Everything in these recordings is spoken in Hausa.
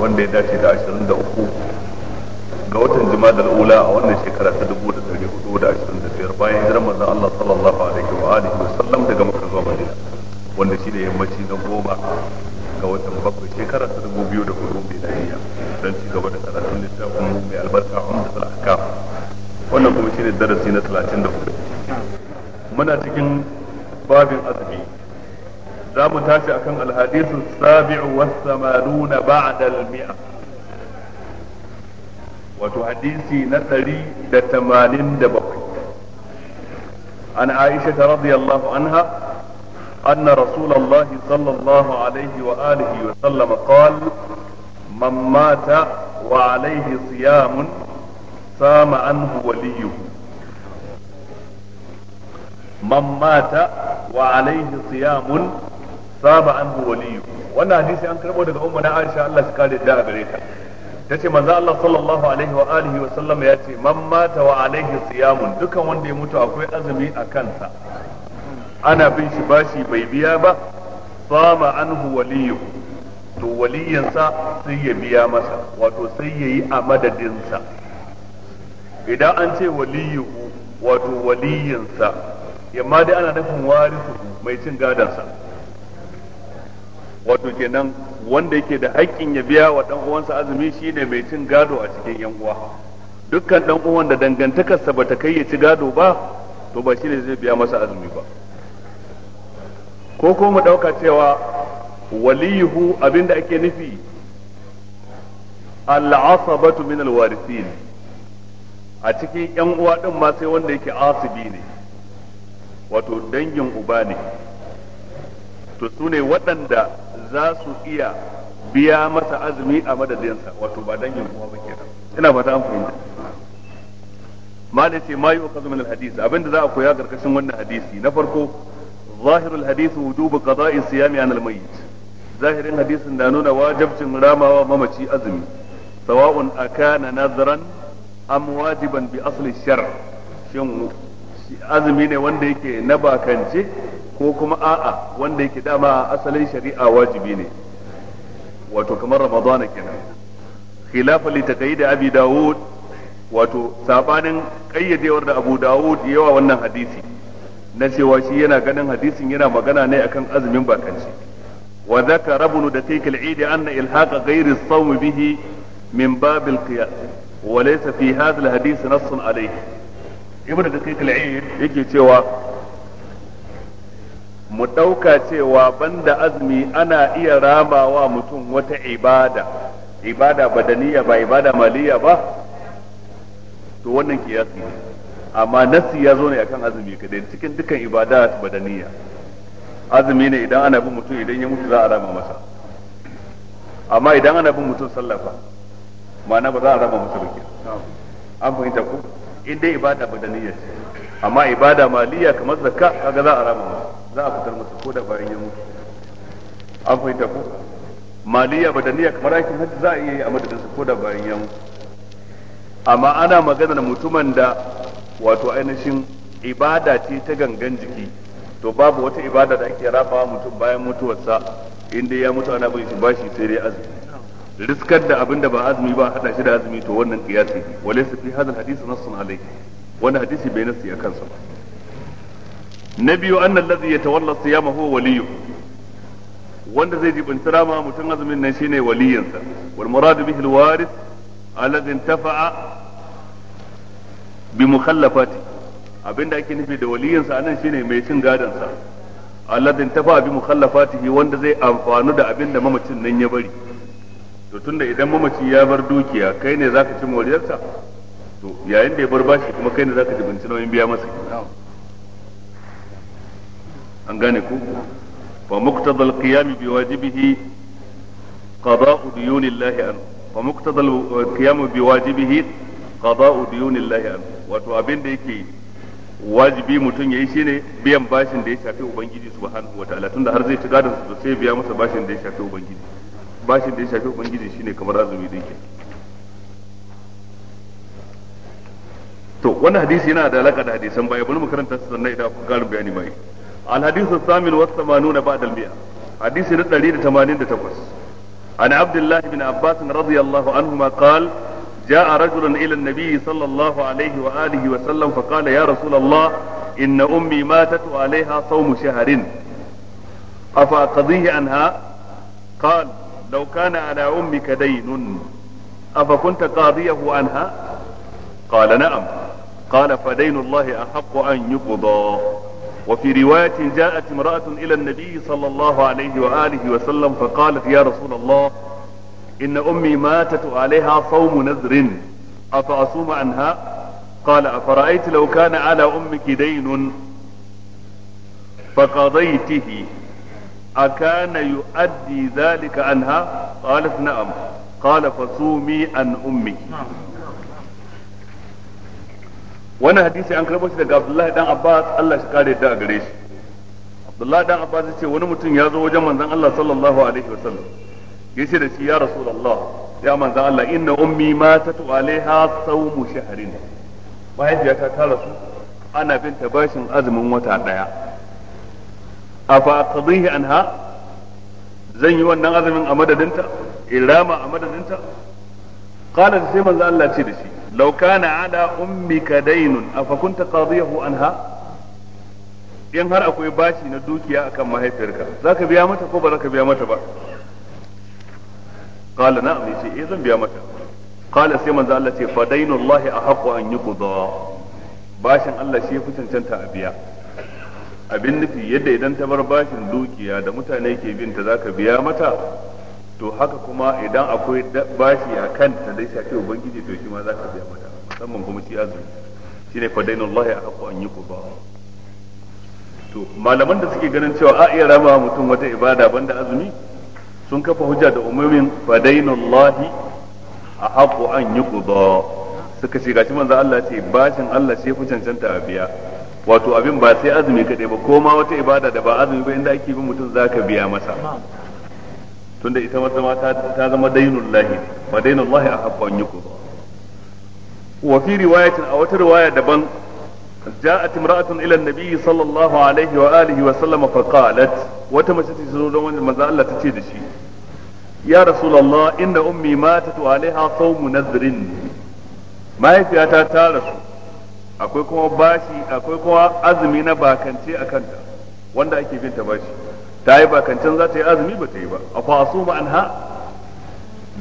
wanda ya dace da 23 ga watan jima'a ula a wannan shekara ta 1425 bayan hijirar manzon Allah sallallahu alaihi wa alihi wa sallam daga Makka zuwa Madina wanda shi yammaci na goma ga watan bakwai shekara ta 2004 dan ci gaba da karatun littafin mai albarka umdatul ahkam wannan kuma shine darasi na 34 muna cikin babin azumi za mu tashi akan alhadisu sabi'u was samanuna ba'da al-mi'a wato hadisi na ɗari da tamanin da bakwai an aisha ta radiyallahu anha anna rasulullahi sallallahu alaihi wa alihi wa sallama qal man mata wa alaihi siyamun sama anhu waliyuhu man mata wa alaihi siyamun saba bi waliyu wannan hadisi an karbo daga ummu na Aisha Allah shi kare da gare ta tace manzo Allah sallallahu alaihi wa alihi wa sallam ya ce man mata wa alaihi siyamun dukan wanda ya mutu akwai azumi a kansa ana bin shi bashi bai biya ba an anhu waliyu to waliyansa sai ya biya masa wato sai ya yi a madadinsa idan an ce waliyu wato waliyinsa yamma dai ana nufin warisu mai cin gadansa wato kenan wanda yake da haƙƙin ya biya wa dan uwansa azumi shine mai cin gado a cikin yan uwa dukkan ɗan uwan da dangantakarsa ba ta kai ya ci gado ba to ba shine zai biya masa azumi ba ko ko mu dauka cewa waliyuhu abinda ake nufi al'asabatu min alwarithin a cikin yan uwa din ma sai wanda yake asibi ne wato dangin uba ne to su waɗanda za su iya biya masa azumi a madadinsa wato ba dangin kuma ba kenan ina fata an fahimta malai ce ma yu'khadhu min al abinda za a koya karkashin wannan hadisi na farko zahirul hadith wujubu qada'i siyami an al zahirin hadisin da nuna wajibcin ramawa mamaci azumi sawa'un akana nazaran am wajiban bi asli shar shin azumi ne wanda yake na bakance ko kuma a'a wanda yake dama asalin shari'a wajibi ne wato kamar ramadana kenan khilafa li taqayyid abi daud wato sabanin kayyadewar da abu daud yawa wannan hadisi na cewa shi yana ganin hadisin yana magana ne akan azumin bakanci wa dhakara ibn daqiq al-eid anna ilhaka ghayr as-sawm bihi min bab al-qiyas wa laysa fi hadha al-hadith nass alayhi ibn daqiq al-eid yake cewa mu ɗauka cewa banda azumi ana iya ramawa mutum wata ibada ibada badaniya ba ibada maliya ba to wannan kiyasi amma nasi ya zo ne akan azumi kadai cikin dukkan ibada badaniya azumi ne idan ana bin mutum idan ya mutu za a rama masa amma idan ana bin mutum sallafa. ma'ana ba za a rama masa ba ke. an fahimta ku in dai ibada badaniyya ce amma ibada maliya kamar zakka kaga za a rama musu za a fitar musu ko da bayan ya mutu an fahimta ko maliya badaniya kamar aikin hajji za a iya yi a madadin su ko da bayan ya mutu amma ana maganar mutumin da wato ainihin ibada ce ta gangan jiki to babu wata ibada da ake rafawa mutum bayan mutuwarsa inda ya mutu ana bin shi bashi sai dai azumi riskar da abin da ba azumi ba hada shi da azumi to wannan kiyasi su fi hadha alhadith nassun alayhi wani hadisi bai nassi akan sa ba na biyu anna alladhi yatawalla siyama huwa waliyu wanda zai jibinci rama mutum azumin nan shine waliyansa wal muradu bihi al waris alladhi intafa'a bi mukhallafati abinda ake nufi da waliyansa anan shine mai cin gadon sa alladhi intafa'a bi mukhallafatihi wanda zai amfanu da abin da mamacin nan ya bari to tunda idan mamaci ya bar dukiya kai ne zaka ci moriyarsa to yayin da ya bar bashi kuma kai ne zaka ji bincin nauyin biya masa an gane ku fa muqtada al-qiyam bi wajibihi qada'u diyuni llahi an fa muqtada al-qiyam uh, bi wajibihi qada'u diyuni llahi an wato abin da yake wajibi mutum yayi shine biyan bashin da ya shafi ubangiji subhanahu wataala tunda har zai ci gadon su sai biya masa bashin da ya shafi ubangiji bashin da ya shafi ubangiji shine kamar azumi da yake to wannan hadisi yana da alaka da hadisan baya bari mu karanta su sannan idan akwai karin bayani mai al hadisu samin wa samanuna ba'da al hadisi na 188 عن عبد الله بن عباس رضي الله عنهما قال جاء رجل إلى النبي صلى الله عليه وآله وسلم فقال يا رسول الله إن أمي ماتت وعليها صوم شهر أفأقضيه عنها قال لو كان على أمك دين أفكنت قاضيه عنها قال نعم قال فدين الله أحق أن يقضى وفي رواية جاءت امرأة إلى النبي صلى الله عليه وآله وسلم فقالت يا رسول الله إن أمي ماتت عليها صوم نذر أفأصوم عنها قال أفرأيت لو كان على أمك دين فقضيته أكان يؤدي ذلك عنها قالت نعم قال فصومي عن أمي wannan hadisi an karɓo shi daga Abdullahi dan Abbas Allah shi kare da gare shi Abdullahi dan Abbas yace wani mutum ya zo wajen manzon Allah sallallahu alaihi wasallam yace da shi ya Rasulullah ya manzon Allah inna ummi matatu alaiha sawmu shahrin mahaifiyata ta rasu ana bin bashin azumin wata ɗaya. afa qadihi anha zan yi wannan azumin a madadinta irama a madadinta qala sai manzo Allah ce da shi law kana ada ummika daynun afa kunta qadiyahu anha in har akwai bashi na dukiya akan mahaifiyarka zaka biya mata ko ba zaka biya mata ba qala na'am yace eh zan biya mata qala sai manzo Allah ce fa daynullahi ahqqu an yuqda bashin Allah shi ya fi cancanta a biya abin nufi yadda idan ta bar bashin dukiya da mutane ke bin ta zaka biya mata to haka kuma idan akwai bashi a ta da shafi ubangiji to shi ma zaka biya mata musamman kuma shi azumi shine fa a haqqu an yi ba to malaman da suke ganin cewa a iya raba mutum wata ibada banda azumi sun kafa hujja da umumin fa a haku an yi ba suka ce gashi manzo Allah ce bashin Allah sai fi cancanta a biya wato abin ba sai azumi kaɗai ba ko ma wata ibada da ba azumi ba inda ake bin mutum za ka biya masa tunda ita wata mata ta zama dainul lahi fa dainul lahi a haƙƙon yuku wa fi riwayatin a wata riwaya daban ja'at imra'atun ila an-nabi sallallahu alaihi wa alihi wa sallam fa qalat wata mace ta zo don wani manzo Allah ta ce da shi ya rasulullah inna ummi matat wa alaiha sawmu nadrin mahaifiyata ta rasu akwai kuma bashi akwai kuma azumi na bakance a kanta wanda ake binta bashi ta yi bakancen za ta yi azumi ba ta yi ba a fasu ma anha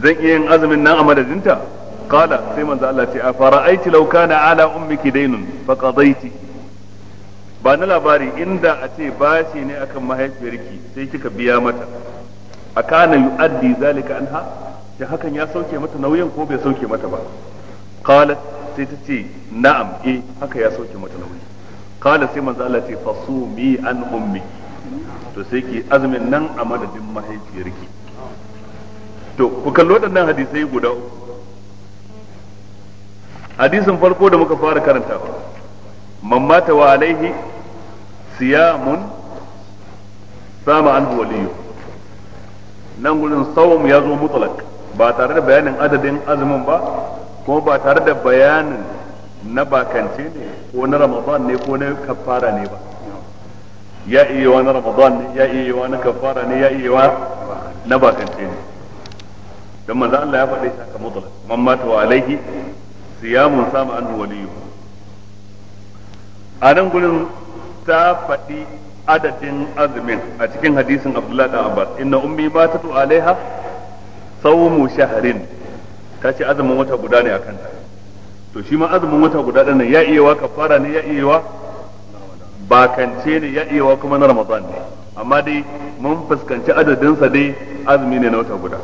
zan iya yin azumin nan a madadinta kala sai manzo Allah ce a aiki lauka na ala ummiki dainun, fa qadaiti ba na labari inda a ce bashi ne akan mahaifiyarki sai kika biya mata A yi yu'addi zalika anha ta hakan ya sauke mata nauyin ko bai sauke mata ba qalat sai ta ce na'am e haka ya sauke mata nauyi kala sai manzo Allah ce fasumi an ummi to sai ki azumin nan a madadin mahaifiyarki to ku kallo waɗannan hadisai guda hadisin farko da muka fara karanta man mata wa alaihi siyamun sama an waliyu nan gurin sawum ya zo mutlak ba tare da bayanin adadin azumin ba Ko ba tare da bayanin na bakance ne ko na ramadan ne ko na kafara ne ba ya iya wa na ramadan ne ya iya wa na kafara ne ya iya wa na bakance ne dan manzo Allah ya faɗi saka mutlaq man mata wa alaihi siyamun sama anhu waliyu a nan gurin ta faɗi adadin azumin a cikin hadisin Abdullahi da Abbas inna ummi batatu alaiha sawmu shahrin ta ce azumin wata guda ne a kanta to shi ma azumin wata guda ɗin nan ya iya wa kafara ne ya iya wa kance ne ya iya wa kuma na ramadan ne amma dai mun fuskanci adadinsa dai azumi ne na wata guda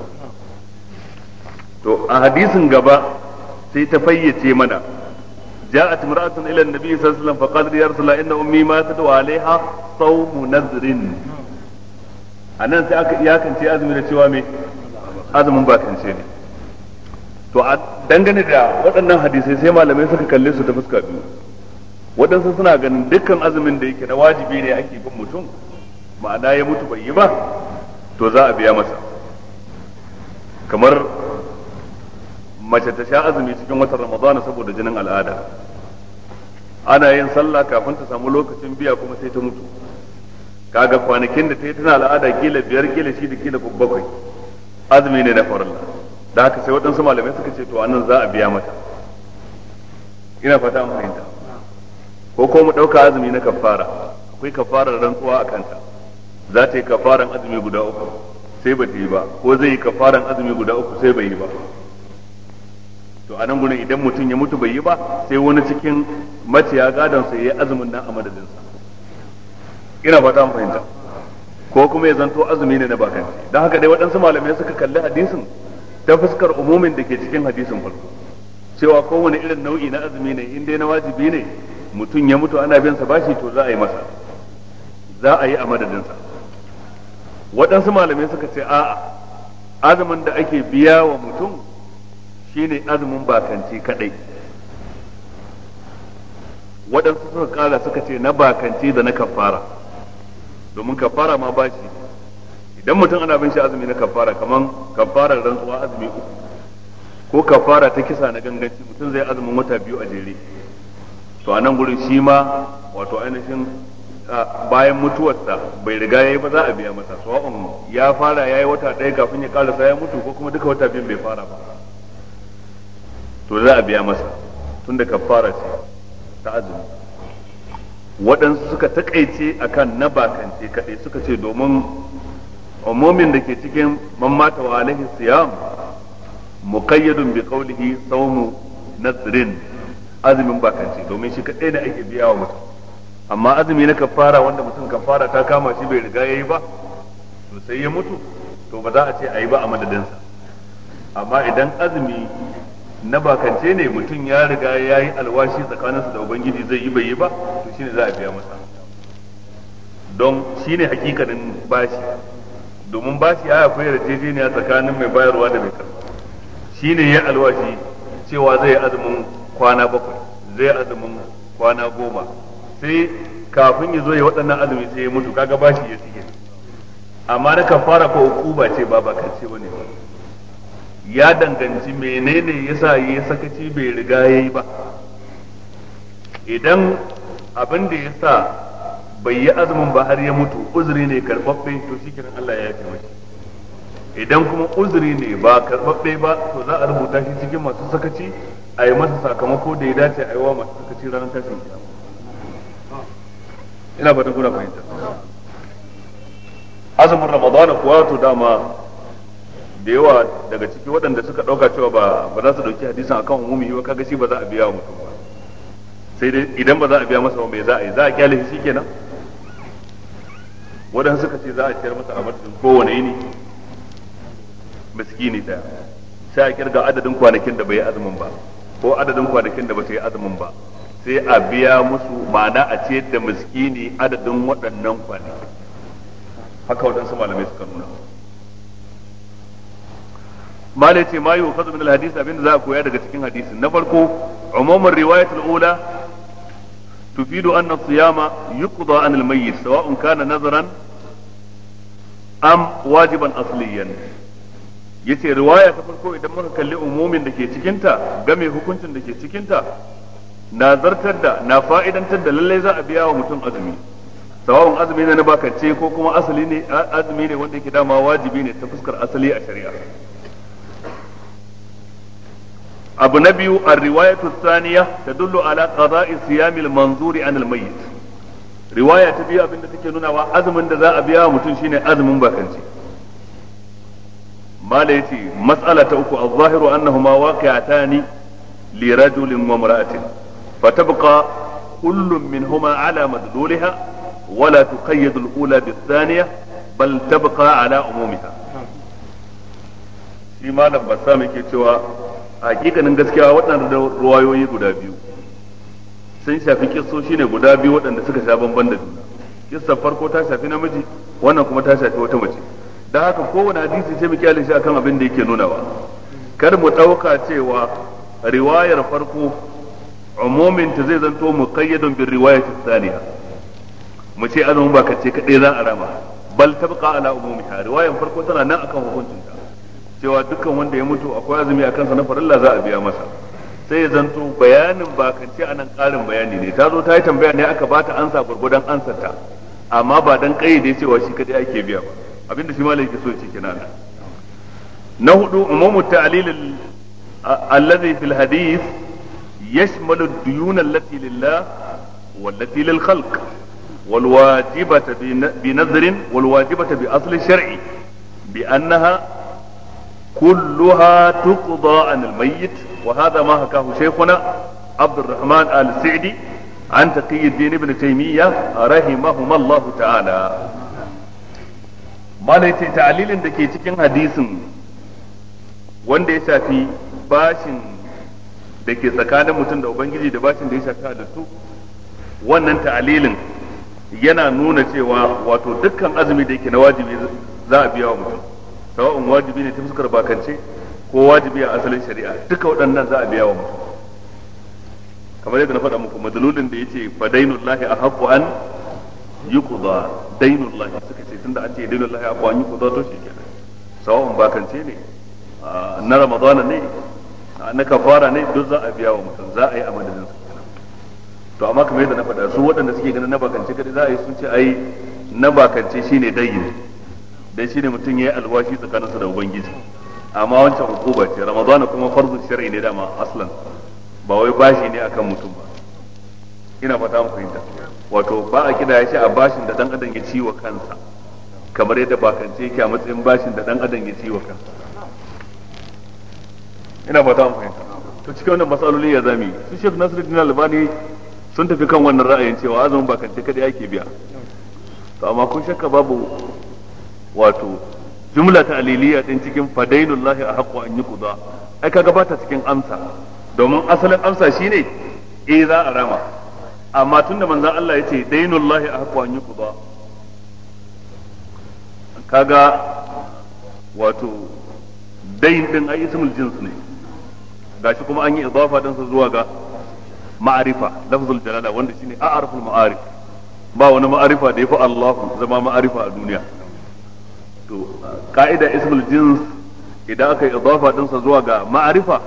to a hadisin gaba sai ta fayyace mana ja'at امرأة ila النبي sallallahu alaihi wasallam وسلم فقالت يا رسول الله إن أمي ماتت وعليها صوم anan sai aka iyakance azumi da cewa me azumin kance ne to a dangane da waɗannan hadisai sai malamai suka kalle su ta fuska biyu waɗansu suna ganin dukkan azumin da yake na wajibi ne ake bin mutum ma'ana ya mutu bai yi ba to za a biya masa kamar mace ta sha azumi cikin watan ramadana saboda jinin al'ada ana yin sallah kafin ta samu lokacin biya kuma sai ta mutu kaga kwanakin da ta yi tana al'ada kila biyar kila shida kila bakwai azumi ne na farilla da haka sai waɗansu malamai suka ce to nan za a biya mata ina fata an fahimta ko ko mu ɗauka azumi na kafara akwai kafarar rantsuwa a kanta za ta yi kafaran azumi guda uku sai ba ta yi ba ko zai yi kafaran azumi guda uku sai bai yi ba to a nan gudun idan mutum ya mutu bai yi ba sai wani cikin maciya gadon sai ya azumin nan a madadinsa ina fata an fahimta ko kuma ya zanto azumi ne na bakanci don haka dai waɗansu malamai suka kalli hadisin ta fuskar umumin da ke cikin hadisin farko cewa kowane irin nau'i na azumi ne in dai na wajibi ne mutum ya mutu ana bin sa bashi to za a yi masa za a yi a madadinsa waɗansu malamai suka ce a'a azumin da ake biya wa mutum shine azumin bakanci kadai waɗansu suka kara suka ce na bakanci da na kafara domin kafara ma bashi idan mutum ana bin shi azumi na kafara kaman kafarar rantsuwa azumi uku ko kafara ta kisa na ganganci mutum zai azumin wata biyu a jere to a nan gurin shi ma wato ainihin bayan mutuwarsa bai riga yi ba za a biya masa sawa'un ya fara ya yi wata ɗaya kafin ya ƙarasa ya mutu ko kuma duka wata biyun bai fara ba to za a biya masa tunda kafara ce ta azumi waɗansu suka takaice akan na bakance kaɗai suka ce domin umumin da ke cikin man mata wa alaihi siyam muqayyadun bi qawlihi sawmu nasrin azumin bakanci domin shi kadai ne ake biya wa mutum amma azumi na kafara wanda mutum kafara ta kama shi bai riga yayi ba to sai ya mutu to ba za a ce ayi ba a sa amma idan azumi na bakance ne mutum ya riga yayi yi alwashi tsakaninsa da ubangiji zai yi bai yi ba to shine za a biya masa don shine hakikanin bashi domin ba shi aya akwai yarjejeniya tsakanin mai bayarwa da mai karɓa ne ya alwashi cewa zai azumin kwana bakwai zai azumin kwana goma sai kafin ya zo ya waɗannan azumi sai ya mutu kaga ba shi ya sige amma na fara ko ukuba ce ba ba kace bane ba ya danganci menene yasa yi sakaci bai riga yayi ba idan abin da yasa bai yi azumin ba har ya mutu uzuri ne karbabbe to shikenan Allah ya yafe mashi idan kuma uzuri ne ba karbabbe ba to za a rubuta shi cikin masu sakaci a yi masa sakamako da ya dace a yi wa masu sakaci ranar tashin kiyama ina fatan kuna fahimta azumin ramadan kuwa to dama da yawa daga ciki waɗanda suka ɗauka cewa ba ba za su ɗauki hadisin akan umumi ba kaga shi ba za a biya wa mutum ba sai dai idan ba za a biya masa ba me za a yi za a kyale shi kenan waɗansu suka ce za a ciyar masa a madadin kowane yini miskini ɗaya sai a kirga adadin kwanakin da bai yi azumin ba ko adadin kwanakin da ba su yi azumin ba sai a biya musu ma'ana a ciyar da miskini adadin waɗannan kwanaki haka waɗansu malamai suka nuna malai ce ma yi wa min alhadisi abinda za a koya daga cikin hadisin na farko umumin riwayatul ula تفيد أن الصيام يقضى عن الميت سواء كان نذرا أم واجبا أصليا yace riwaya ta farko idan muka kalli umumin da ke cikinta game hukuncin da ke cikinta na zartar da na fa'idantar da lallai za a biya wa mutum azumi sawa'un azumi ne na bakance ko kuma asali ne azumi ne wanda yake dama wajibi ne ta fuskar asali a shari'a abu na biyu ar-riwayatu ta tadullu ala qada'i siyamil manzuri an al riwaya ta biyu abinda take nuna wa azumin da za a biya mutum shine azumin bakanci mala yace mas'ala ta uku az-zahiru annahuma waqi'atani li rajulin wa kullum min kullun minhuma ala madlulha wala تقيد الأولى بالثانية بل تبقى ala عمومها shi malam ba sa muke cewa hakikanin gaskiya da ruwayoyi guda biyu sun shafi shi ne guda biyu waɗanda suka sha bamban da juna kissar farko ta shafi namiji wannan kuma ta shafi wata mace don haka kowane hadisi sai mu alishi akan abin da yake nunawa kar mu ɗauka cewa riwayar farko umumin ta zai zanto mu kayyadun bin riwayar tsaniya mu ce azumin ba ka ce kaɗai za a rama bal tabqa ala umumi riwayar farko tana nan akan hukuncinta cewa dukkan wanda ya mutu akwai azumi a kansa na farilla za a biya masa sai ya zanto bayanin bakance anan karin bayani ne ta zo ta yi tambaya ne aka bata ansa gurgudan ansar ta amma ba dan kayyade cewa shi kadai ake biya ba abinda shi malai ke so ce kenan na hudu umumu ta'lil alladhi fil hadith yashmalu ad-duyun allati lillah wallati lil khalq والواجبة بنذر والواجبة بأصل الشرع كلها تقضى عن الميت وهذا ما حكاه شيخنا عبد الرحمن آل سعدي عن تقي الدين ابن تيمية رحمهما الله تعالى ما تعليل دكي cikin hadisin wanda ya shafi bashin da ke tsakanin mutum da ubangiji da bashin da ya shafi halittu wannan ta'alilin yana nuna cewa wato dukkan azumi da yake na wajibi za a biya wa mutum sawa'un wajibi ne ta fuskar bakance ko wajibi a asalin shari'a duka waɗannan za a biya wa mutum kamar yadda na faɗa muku madalulin da yace fa dainullahi ahqqu an yuqda dainullahi suka ce tunda an ce dainullahi ahqqu an yuqda to shi kenan sawa'un bakance ne na ramadana ne na kafara ne duk za a biya wa mutum za a yi a madadin su to amma kamar yadda na faɗa su waɗanda suke ganin na bakance kadai za a yi sun ce ai na bakance shine dayin dan shine mutum yayi alwashi tsakaninsa da ubangiji amma wancan hukuba ce ramadana kuma farzu shar'i ne dama aslan ba wai bashi ne akan mutum ba ina fata mu fahimta wato ba a kida ya shi a bashin da dan adam ya ci wa kansa kamar yadda kan ce a matsayin bashin da dan adam ya ci wa kansa ina fata mu fahimta to cikin wannan masaloli ya zami su Sheikh Nasiruddin Albani sun tafi kan wannan ra'ayin cewa azumin ce kada yake biya to amma kun shakka babu wato jumla ta aliliya din cikin fadailullahi a haƙƙo an yi kuza ai kaga ba ta cikin amsa domin asalin amsa shine eh za a rama amma tunda manzon Allah ya ce dainullahi a haƙƙo an yi kuza kaga wato dain din ai ismul jins ne gashi kuma an yi idafa din sa zuwa ga ma'arifa lafzul jalala wanda shine a'arful ma'arif ba wani ma'arifa da yafi Allah zama ma'arifa a duniya to uh, ka'ida ismul jins idan aka yi idafa dinsa zuwa ga ma'arifa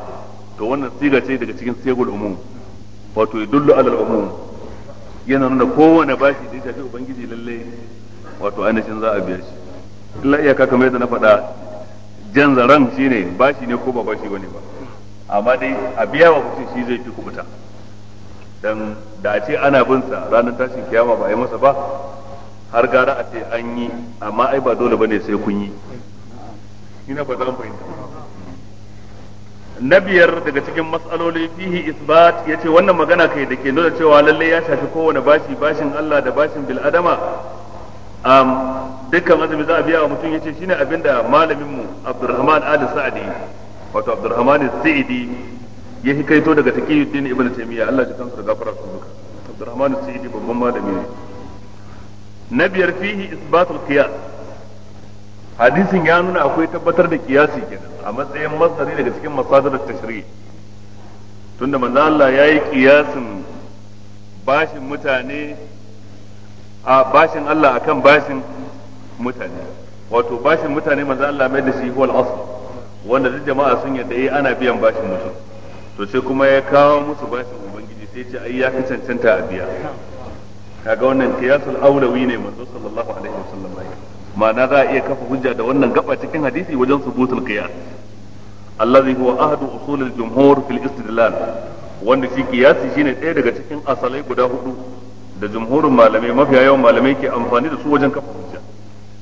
to wannan siga ce daga cikin sigul umum wato idullu alal umum yana nuna kowane bashi da ya shafi ubangiji lalle wato ainihin za a biya shi illa iyaka kamar yadda na faɗa jan zaran shine bashi ne ko ba bashi bane ba amma dai a biya wa mutum shi zai fi kubuta dan da a ce ana bin sa ranar tashin kiyama ba a yi masa ba har gara a ce an yi amma ai ba dole bane sai kun yi ina ba za fahimta na biyar daga cikin matsaloli fihi isbat ya ce wannan magana kai da ke nuna cewa lallai ya shafi kowane bashi bashin Allah da bashin bil'adama dukkan azumi za a biya wa mutum ya ce shine abinda malaminmu abdurrahman ali sa'adi wato abdurrahman sa'idi ya hikaito daga taqiyuddin ibnu taymiya Allah ya kansa da gafara su duka abdurrahman sa'idi babban malami ne na biyar fihi isbatul qiyas hadisin ya nuna akwai tabbatar da kiyasi kenan a matsayin masdari daga cikin masadar tashri tunda manzo Allah yayi kiyasin bashin mutane a bashin Allah akan bashin mutane wato bashin mutane manzo Allah mai da shi huwal asl wanda duk jama'a sun yadda eh ana biyan bashin mutum to sai kuma ya kawo musu bashin ubangiji sai ya ce ai ya cancanta a biya kaga wannan qiyasul aulawi ne manzo sallallahu alaihi wasallam ma'ana za a iya kafa hujja da wannan gaba cikin hadisi wajen subutul qiyas allazi huwa ahadu usulul jumhur fil istidlal wanda shi qiyasi shine ɗaya daga cikin asalai guda hudu da jumhurin malamai mafiya yawan malamai ke amfani da su wajen kafa hujja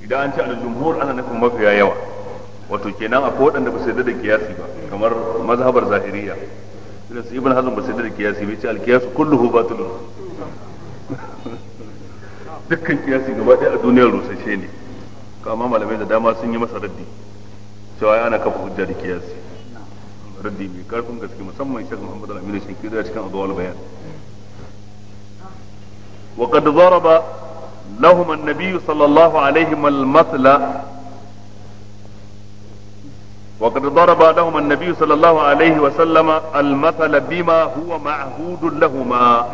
idan an ce al jumhur ana nufin mafiya yawa wato kenan akwai waɗanda ba su yarda da qiyasi ba kamar mazhabar zahiriya irin su ibn hazm ba su yarda da qiyasi ba ce al qiyasu kulluhu batilun dukkan kiyasi gaba ɗaya a duniyar rusashe ne kama malamai da dama sun yi masa raddi cewa ana kafa hujja da kiyasi raddi mai karfin gaske musamman shek muhammad al-aminu ke da cikin azwal bayan wa qad zaraba lahum an-nabiy sallallahu alaihi wa masla وقد ضرب لهم sallallahu صلى wa عليه al المثل bima huwa معهود لهما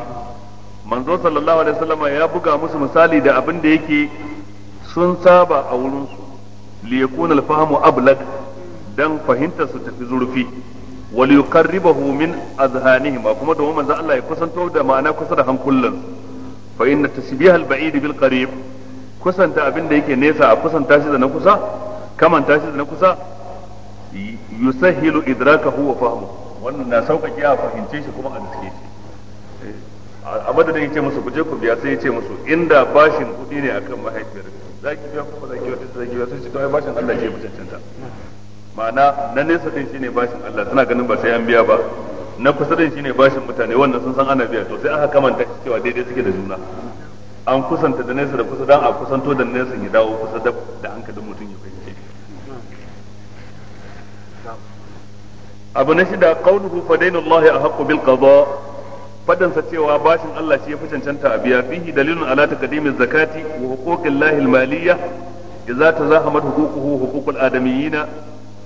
manzo sallallahu alaihi wasallama ya buga musu misali da abin da yake sun saba a wurin su li yakuna al-fahmu ablag dan fahimtar su tafi zurfi wal yuqarribahu min azhanihim kuma domin manzo Allah ya kusanto da ma'ana kusa da hankulan fa inna tasbih al-ba'id bil qarib kusanta abin da yake nesa a kusanta shi da na kusa kaman shi da na kusa yusahhilu idrakahu wa fahmuhu wannan na sauƙaƙe a fahimce shi kuma a gaske shi a madadin ya ce musu ku je ku biya sai ya ce musu inda bashin kuɗi ne akan mahaifiyar za ki biya kuma za ki wata za ki biya sai ce to bashin Allah ce cancanta ma'ana na nesa din shine bashin Allah suna ganin ba sai an biya ba na kusa din shine bashin mutane wannan sun san ana biya to sai aka kamanta cewa daidai suke da juna an kusanta da nesa da kusa dan a kusanto da nesa ya dawo kusa da da hankalin mutum ya fahimce abu na shida qawluhu fa dainullahi ahqqu bil qada fadansa cewa bashin Allah shi ya fi cancanta a biya fihi dalilun ala taqdimi zakati wa huquqillahi almaliyya idza tazahamat huququhu huququl adamiyina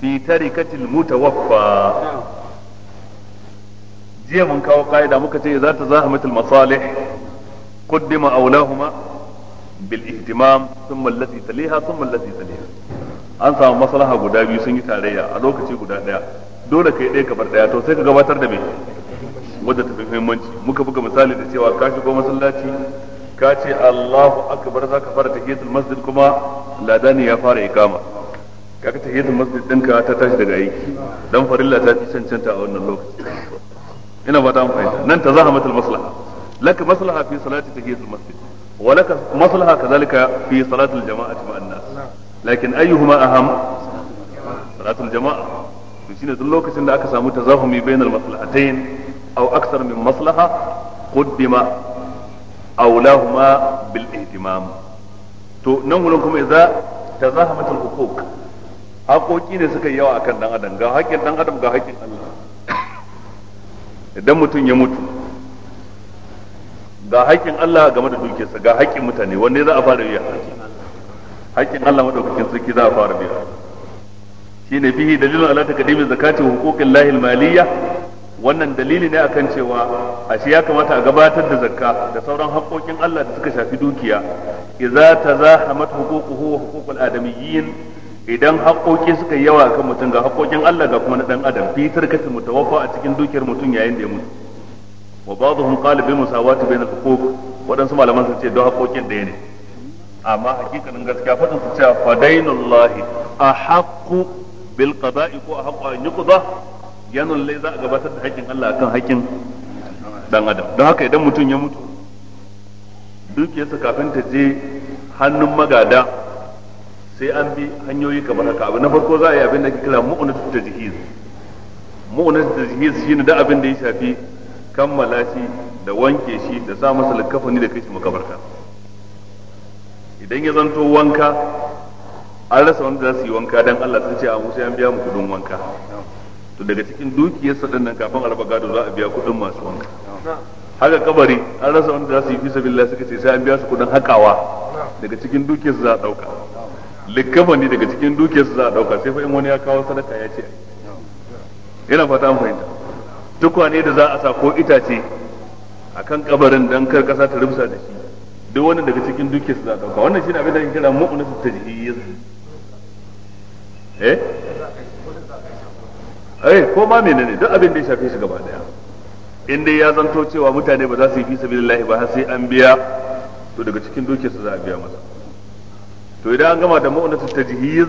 fi tarikati almutawaffa jiya mun kawo kaida muka ce idza tazahamat almasalih qaddima awlahuma bil ihtimam thumma allati taliha thumma allati taliha an samu maslaha guda biyu sun yi tarayya a lokaci guda daya dole kai ɗaya kabar ɗaya to sai ka gabatar da me wadda ta fi muhimmanci muka buga misali da cewa ka shigo masallaci ka ce Allahu akbar zaka fara tahiyatul masjid kuma ladani ya fara ikama kaga tahiyatul masjid ɗinka ta tashi daga aiki dan farilla ta fi cancanta a wannan lokaci ina fata an fahimta nan ta zahamatul maslaha laka maslaha fi salati tahiyatul masjid wa laka maslaha kadhalika fi salatil jama'ati ma'an nas lakin ayyuhuma aham salatul jama'a to shine duk lokacin da aka samu tazahumi bainal maslahatayn aw akthar min maslaha qaddima awlahuma bil ihtimam to nan gurin kuma idza tazahamat al huquq haƙoƙi ne suka yi yawa akan dan adam ga haƙƙin dan adam ga haƙƙin Allah idan mutum ya mutu ga haƙƙin Allah game da dukiyarsa ga haƙƙin mutane wanne za a fara biya haƙƙin Allah madaukakin sarki za a fara biya shine fihi dalilun ala taqdimi zakati huquqil lahi al maliyya wannan dalili ne akan cewa ashe ya kamata a gabatar da zakka da sauran haƙoƙin Allah da suka shafi dukiya idza tazahamat huququhu wa huququl adamiyyin idan haƙoƙi suka yawa kan mutum ga haƙoƙin Allah ga kuma na dan adam fi tarkati mutawaffa a cikin dukiyar mutum yayin da ya mutu wa ba'dhum qala bi musawati bainal huquq wadansu malaman sun ce don haƙoƙin ɗaya ne amma hakikanin gaskiya fadin su cewa fadainullahi ahaqqu bil qada'i ko ahaqqu an yuqda ya lai za a gabatar da haƙƙin Allah akan haƙƙin dan adam don haka idan mutum ya mutu dukiyarsa kafin ta je hannun magada sai an bi hanyoyi kamar haka abu na farko za a yi abin da ake kira mu'unatu tajhiz mu'unatu shi ne da abin da ya shafi kammala shi da wanke shi da sa masa likafani da kai shi makabarta idan ya zanto wanka an rasa wanda za su yi wanka don Allah sun ce a musu yan biya mu kudin wanka to daga cikin dukiyar sa nan kafin a raba gado za a biya kuɗin masu wanka haka kabari an rasa wanda za su yi fi sabilillah suka ce sai an biya su kuɗin hakawa daga cikin su za a ɗauka likkafa ne daga cikin su za a ɗauka sai fa in wani ya kawo sadaka ya ce yana fata an fahimta tukwane da za a sa ko itace akan kabarin dan kar kasa ta rubuta da shi duk wani daga cikin su za a ɗauka wannan shine abin da ake kira mu'unatu tajhiyyah eh ai eh, ko ma menene duk abin da ya shafe shi gaba daya in dai ya zanto cewa mutane ba za su yi fi sabilillahi ba har sai an biya to daga cikin dukiyarsa za a biya masa to idan an gama da ma'unatu tajhiz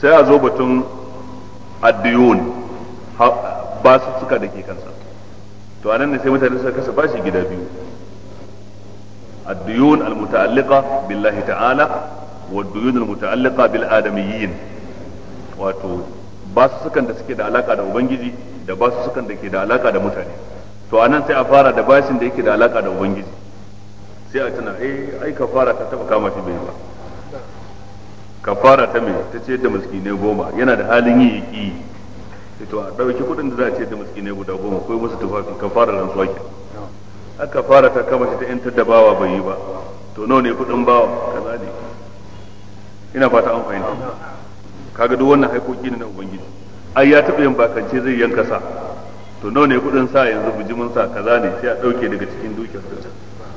sai a zo batun addiyun ba su suka da ke kansa to anan ne sai mutane suka kasa bashi gida biyu addiyun almuta'alliqa billahi ta'ala wa addiyun almuta'alliqa bil adamiyyin wato ba su sukan da suke da alaka da ubangiji da ba su sukan da ke da alaka da mutane to anan sai a fara da bashin da yake da alaka da ubangiji sai a tana eh ai kafara ta taba kama shi bai ba kafara ta me ta ce da miskine goma yana da halin yi yi eh, to a dauki kudin da za a ce da miskine guda goma ko musu tufafi kafara rantsuwa ke aka fara ta kama shi ta yantar tadabawa bai yi ba to nawa ne kudin bawa kaza ne ina fata an fahimta kaga duk wannan haikoki ne na ubangiji ai ya taɓa yin bakance zai yanka sa to nawa ne kuɗin sa yanzu bijimin sa kaza ne sai a ɗauke daga cikin dukiyar sa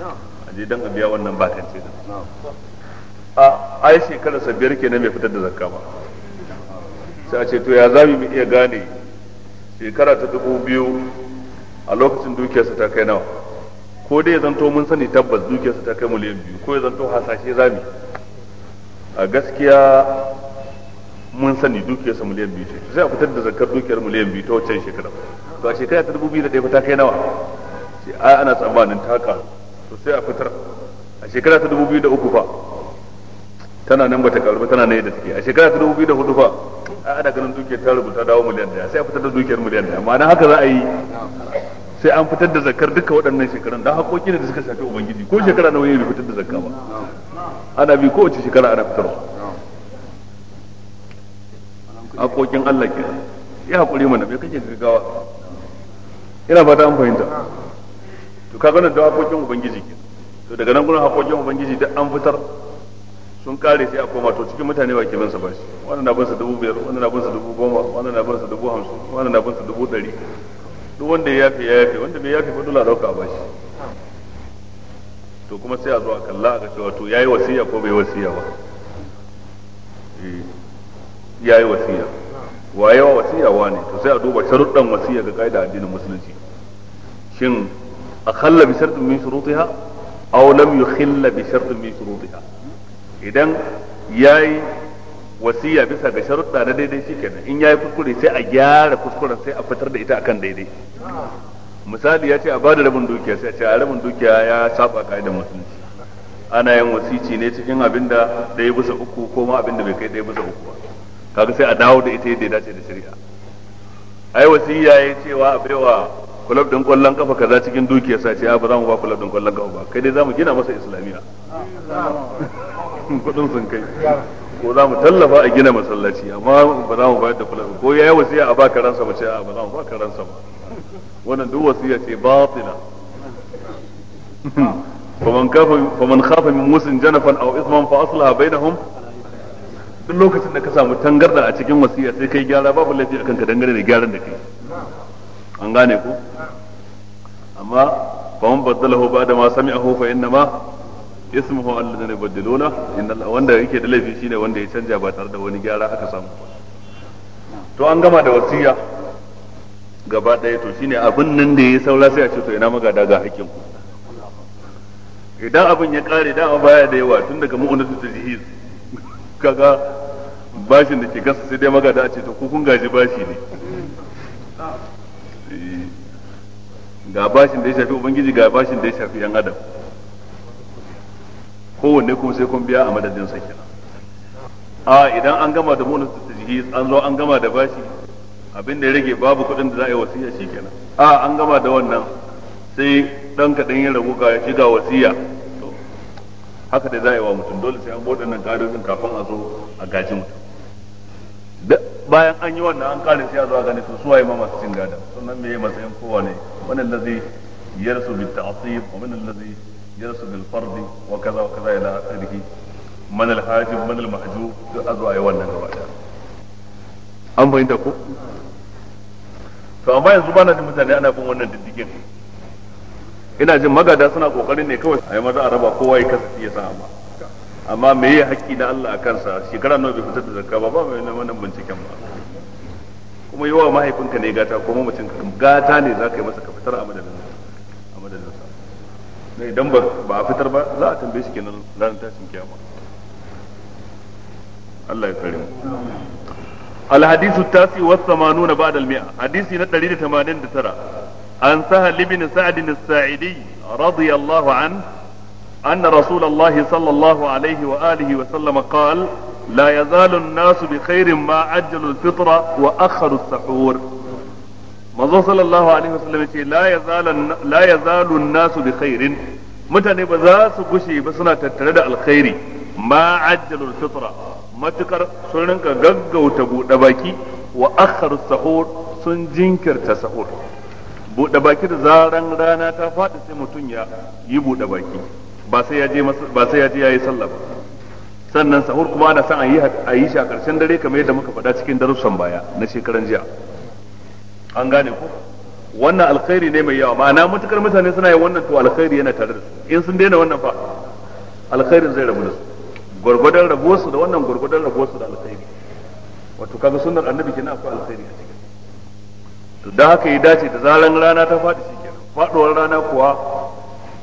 a je dan a biya wannan bakance din a ai shekara sabiyar kenan mai fitar da zakka ba sai a ce to ya zami mu iya gane shekara ta dubu biyu a lokacin dukiyarsa ta kai nawa ko dai ya zanto mun sani tabbas dukiyarsa ta kai miliyan biyu ko ya zanto hasashe zami a gaskiya mun sani sa miliyan biyu ce sai a fitar da zakar dukiyar miliyan biyu ta waccan shekara to a shekara ta dubu biyu da ɗaya ta kai nawa sai a ana tsammanin ta karu to sai a fitar a shekara ta dubu biyu da uku fa tana nan bata karu ba tana nan da take a shekara ta dubu biyu da hudu fa a ana ganin dukiyar ta rubuta dawo miliyan ɗaya sai a fitar da dukiyar miliyan ɗaya ma'ana haka za a yi sai an fitar da zakar duka waɗannan shekarun da haƙoƙi ne da suka shafi ubangiji ko shekara nawa ne bai fitar da zakka ba ana bi kowace shekara ana fitarwa haƙoƙin Allah ke ya haƙuri mana bai kake gaggawa ina fata an fahimta to ka gane da haƙoƙin ubangiji ke to daga nan gurin haƙoƙin ubangiji da an fitar sun kare sai a koma to cikin mutane ba ke bin sa bashi wannan na bin sa dubu biyar wannan na bin sa dubu goma wannan na bin sa dubu hamsin wannan na bin sa dubu ɗari duk wanda ya yafe ya yafe wanda bai yafe ba dole a ɗauka a shi to kuma sai a zo a kalla a ga cewa to yayi wasiya ko bai wasiya ba eh. ya yi wasiya wa yawa wasiya wa ne to sai a duba sharuɗan wasiya ga ƙa'ida addinin musulunci shin a kalla bi shartin min shurutiha aw lam yukhilla bi shartin min shurutiha idan yayi wasiya bisa ga sharuɗa na daidai shikenan in ya yi kuskure sai a gyara kuskuren sai a fitar da ita akan daidai misali ya ce a bada rabin dukiya sai a ce a rabin dukiya ya saba ka'idar musulunci ana yin wasici ne cikin abin da ɗaya bisa uku ko ma abin bai kai ɗaya bisa uku ba kaga sai a dawo da ita yadda ya dace da shari'a ai wasiya ya cewa a baiwa kulab din kwallon kafa kaza cikin dukiyar sa ce a ba za mu ba kulab din kwallon kafa ba kai dai za mu gina masa islamiya kudin sun kai ko za mu tallafa a gina masallaci amma ba za mu bayar da kulab ko yayi wasiya a ba ransa ba ce a ba za mu ba ransa ba wannan duk wasiya ce batila فمن خاف فمن خاف من موسى جنفا او اثما فاصلح بينهم duk lokacin da ka samu tangarda a cikin wasiya sai kai gyara babu laifi a ka dangane da gyaran da kai an gane ko amma fa man baddalahu ba'da ma sami'ahu fa inna ma ismuhu alladhina yubaddiluna inna wanda yake da laifi shine wanda ya canja ba tare da wani gyara aka samu to an gama da wasiya gaba ɗaya to shine abin nan da yayi saura sai a ce to ina magada ga hakkin ku idan abin ya kare da baya da yawa tun daga mu'unatu tajhiz kaga bashin da ke gasa, sai dai magada a ce to kun gaji bashi ne eh, ga bashin da ya shafi ubangiji ga bashin da ya shafi yan adam kowanne kuma sai kun biya a madadin sa kenan a idan an gama da ta jihi an zo an gama da bashi abin da ya rage babu kuɗin da za a yi wasiya kenan a an gama da wannan sai dan kaɗan ya ragu ga shiga wasiya haka dai za a yi wa mutum dole sai an bude nan ka'idojin kafin a zo a gaji mutum bayan an yi wannan an kare sai a zo a gane to suwaye ma masu cin gada sannan me matsayin kowa ne wannan lazi yarsu bil ta'sib wa min allazi yarsu bil fard wa kaza wa kaza ila akhirih man al hajib man al mahjub duk a zo a yi wannan gaba daya an fahimta ko to amma yanzu na da mutane ana bin wannan diddigin ina jin magada suna kokarin ne kawai a yi maza a raba kowa ya kasance ya san amma amma me ya haƙƙi na Allah a kansa shekara nawa bai fitar da zakka ba ba mai wannan binciken ba kuma yi wa mahaifinka ne gata ko mamacin gata ne za ka yi masa ka fitar a madadin a madadin sa idan ba a fitar ba za a tambaye shi kenan ranar tashin kiyama Allah ya kare mu الحديث التاسع والثمانون بعد المئة حديث ندري تمانين ترى عن سهل بن سعد الساعدي رضي الله عنه أن رسول الله صلى الله عليه وآله وسلم قال لا يزال الناس بخير ما عجلوا الفطرة وأخروا السحور manzo sallallahu alaihi wasallam yace la yazalan la yazalu an-nasu bi khairin mutane ba za su gushe ba suna tattare da alkhairi ma ajjalul fitra matukar sun rinka gaggauta bude baki wa akhar sahur sun jinkirta sahur buɗe baki da zaran rana ta faɗi sai mutum ya yi buɗe baki ba sai ya je ya yi sallah ba sannan sahur kuma ana son a yi a yi shi a ƙarshen dare kamar yadda muka faɗa cikin darussan baya na shekaran jiya an gane ko wannan alkhairi ne mai yawa ma'ana matukar mutane suna yin wannan to alkhairi yana tare da su in sun daina wannan fa alkhairin zai rabu da su gwargwadon rabuwarsu da wannan gwargwadon rabuwarsu da alkhairi wato kaga sunnar annabi kenan akwai alkhairi a ciki to da haka ya dace da zaran rana ta faɗi shikenan faɗuwar rana kuwa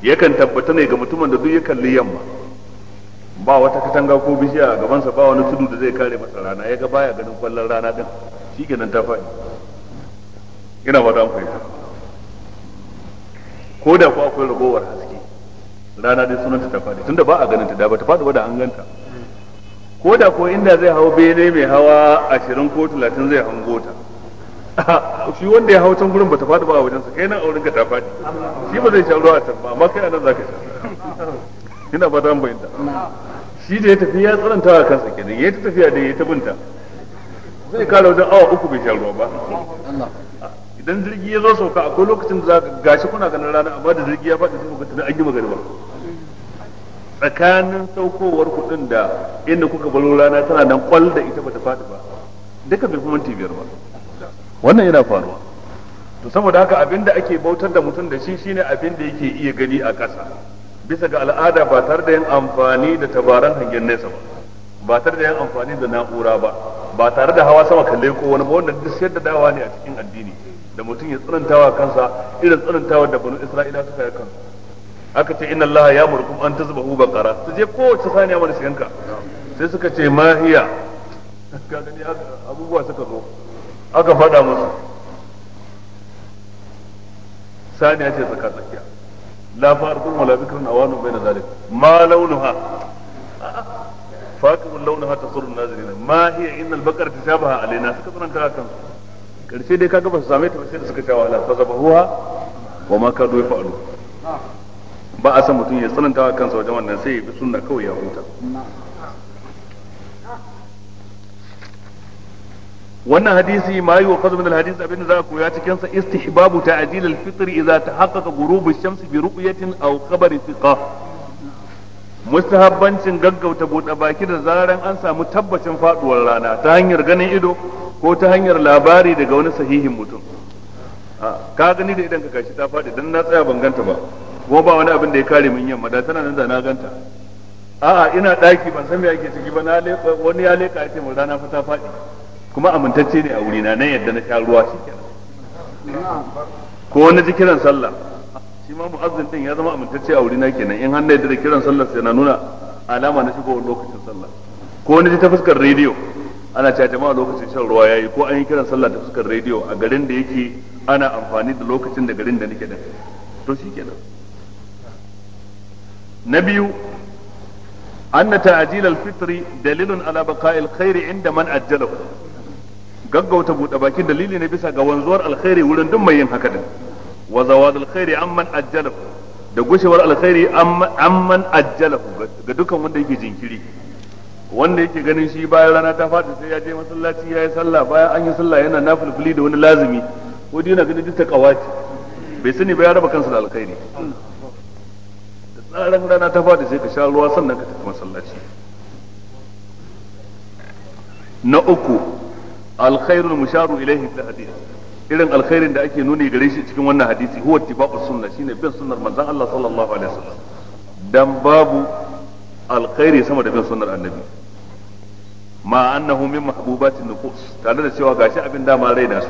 yakan tabbata ne ga mutumin da duk ya kalli yamma ba wata katanga ko bishiya a gabansa ba wani tudu da zai kare masa rana ya ga baya ganin kwallon rana din nan ta faɗi ina ba don fahimta ko da kuwa akwai ragowar haske rana dai sunanta ta faɗi tunda ba a ganin ta da ba ta faɗi ba da an ganta ko da ko inda zai hau bene mai hawa ashirin ko talatin zai hango ta shi wanda ya hau can gurin bata faɗi ba a wajensa kai nan auren ka ta faɗi shi ba zai sha ruwa a can ba amma kai nan za ka sha ina fata an bayyana shi da ya tafi ya tsananta wa kansa kenan ya ta tafiya da ya ta binta zai kare wajen awa uku bai sha ruwa ba idan jirgi ya zo sauka akwai lokacin da za ka gashi kuna ganin rana amma da jirgi ya faɗi sai ku ga an yi magana ba tsakanin saukowar kuɗin da inda kuka balo rana tana nan kwal da ita bata faɗi ba duka bai kuma biyar ba wannan yana faruwa to saboda haka abinda ake bautar da mutum da shi shine abin da yake iya gani a ƙasa bisa ga al'ada ba tare da yin amfani da tabaran hangen nesa ba ba tare da yin amfani da na'ura ba ba tare da hawa sama kalle ko wani ba wanda duk sayar da dawa ne a cikin addini da mutum ya tsanantawa kansa irin tsanantawa da banu isra'ila suka yi kan. aka ce inna allaha ya an tazbahu baqara su je kowace saniya mana siyanka sai suka ce mahiya. ga gani abubuwa suka zo aka faɗa musu saniya ce tsaka tsakiya la fa'arqun wala bikrun awanu bayna zalik ma launuha faqimun launuha tasurru nazirin ma hiya innal baqara tashabaha alaina suka tsananta kan karshe dai kaga ba su same ta ba sai da suka sha wahala fa zabahuha wa ma kadu yafa'alu ba a san mutum ya tsananta kansa wajen wannan sai ya bi sunna kawai ya huta wannan hadisi ma yi wa kazu min alhadis abin da za a koya cikin sa istihbabu ta'dil alfitr idza tahaqqaqa ghurub ash-shams bi ru'yatin aw khabar thiqa mustahabbancin gaggauta bude baki da zaran an samu tabbacin faduwar rana ta hanyar ganin ido ko ta hanyar labari daga wani sahihin mutum ka gani da idan ka gashi ta faɗi dan na tsaya ban ganta ba kuma ba wani abin da ya kare min yamma da tana nan da na ganta a'a ina daki ban san me ake ciki ba na wani ya leka ya ce mu rana fa ta faɗi kuma amintacce ne a wurina na yadda na sha ruwa shi ko na ji kiran sallah shi ma mu'azzin din ya zama amintacce a wurina kenan in hannu yadda da kiran sallah sai na nuna alama na shigowar lokacin sallah ko na ji ta fuskar rediyo ana cewa jama'a lokacin shan ruwa yayi ko an yi kiran sallah ta fuskar rediyo a garin da yake ana amfani da lokacin da garin da nake da to shi kenan na biyu أن تعجيل الفطر دليل على بقاء الخير عند من أجله gaggauta buɗe baki dalili ne bisa ga wanzuwar alkhairi wurin duk mai yin haka din wa zawad alkhairi amman ajjalahu da gushewar alkhairi amman ajjalahu ga dukkan wanda yake jinkiri wanda yake ganin shi bayan rana ta faɗi sai ya je masallaci ya yi sallah bayan an yi sallah yana nafilfili da wani lazimi ko dina gani duk ta kawaci bai sani ba ya raba kansa da alkhairi da tsarin rana ta faɗi sai ka sha ruwa sannan ka tafi masallaci na uku alkhairul musharu ilaihi fil hadith irin alkhairin da ake nuni gare shi cikin wannan hadisi huwa ittifaqus sunna shine bin sunnar manzon Allah sallallahu alaihi wasallam dan babu alkhairi sama da bin sunnar annabi ma annahu min mahbubatin nufus tare da cewa gashi abin da ma raina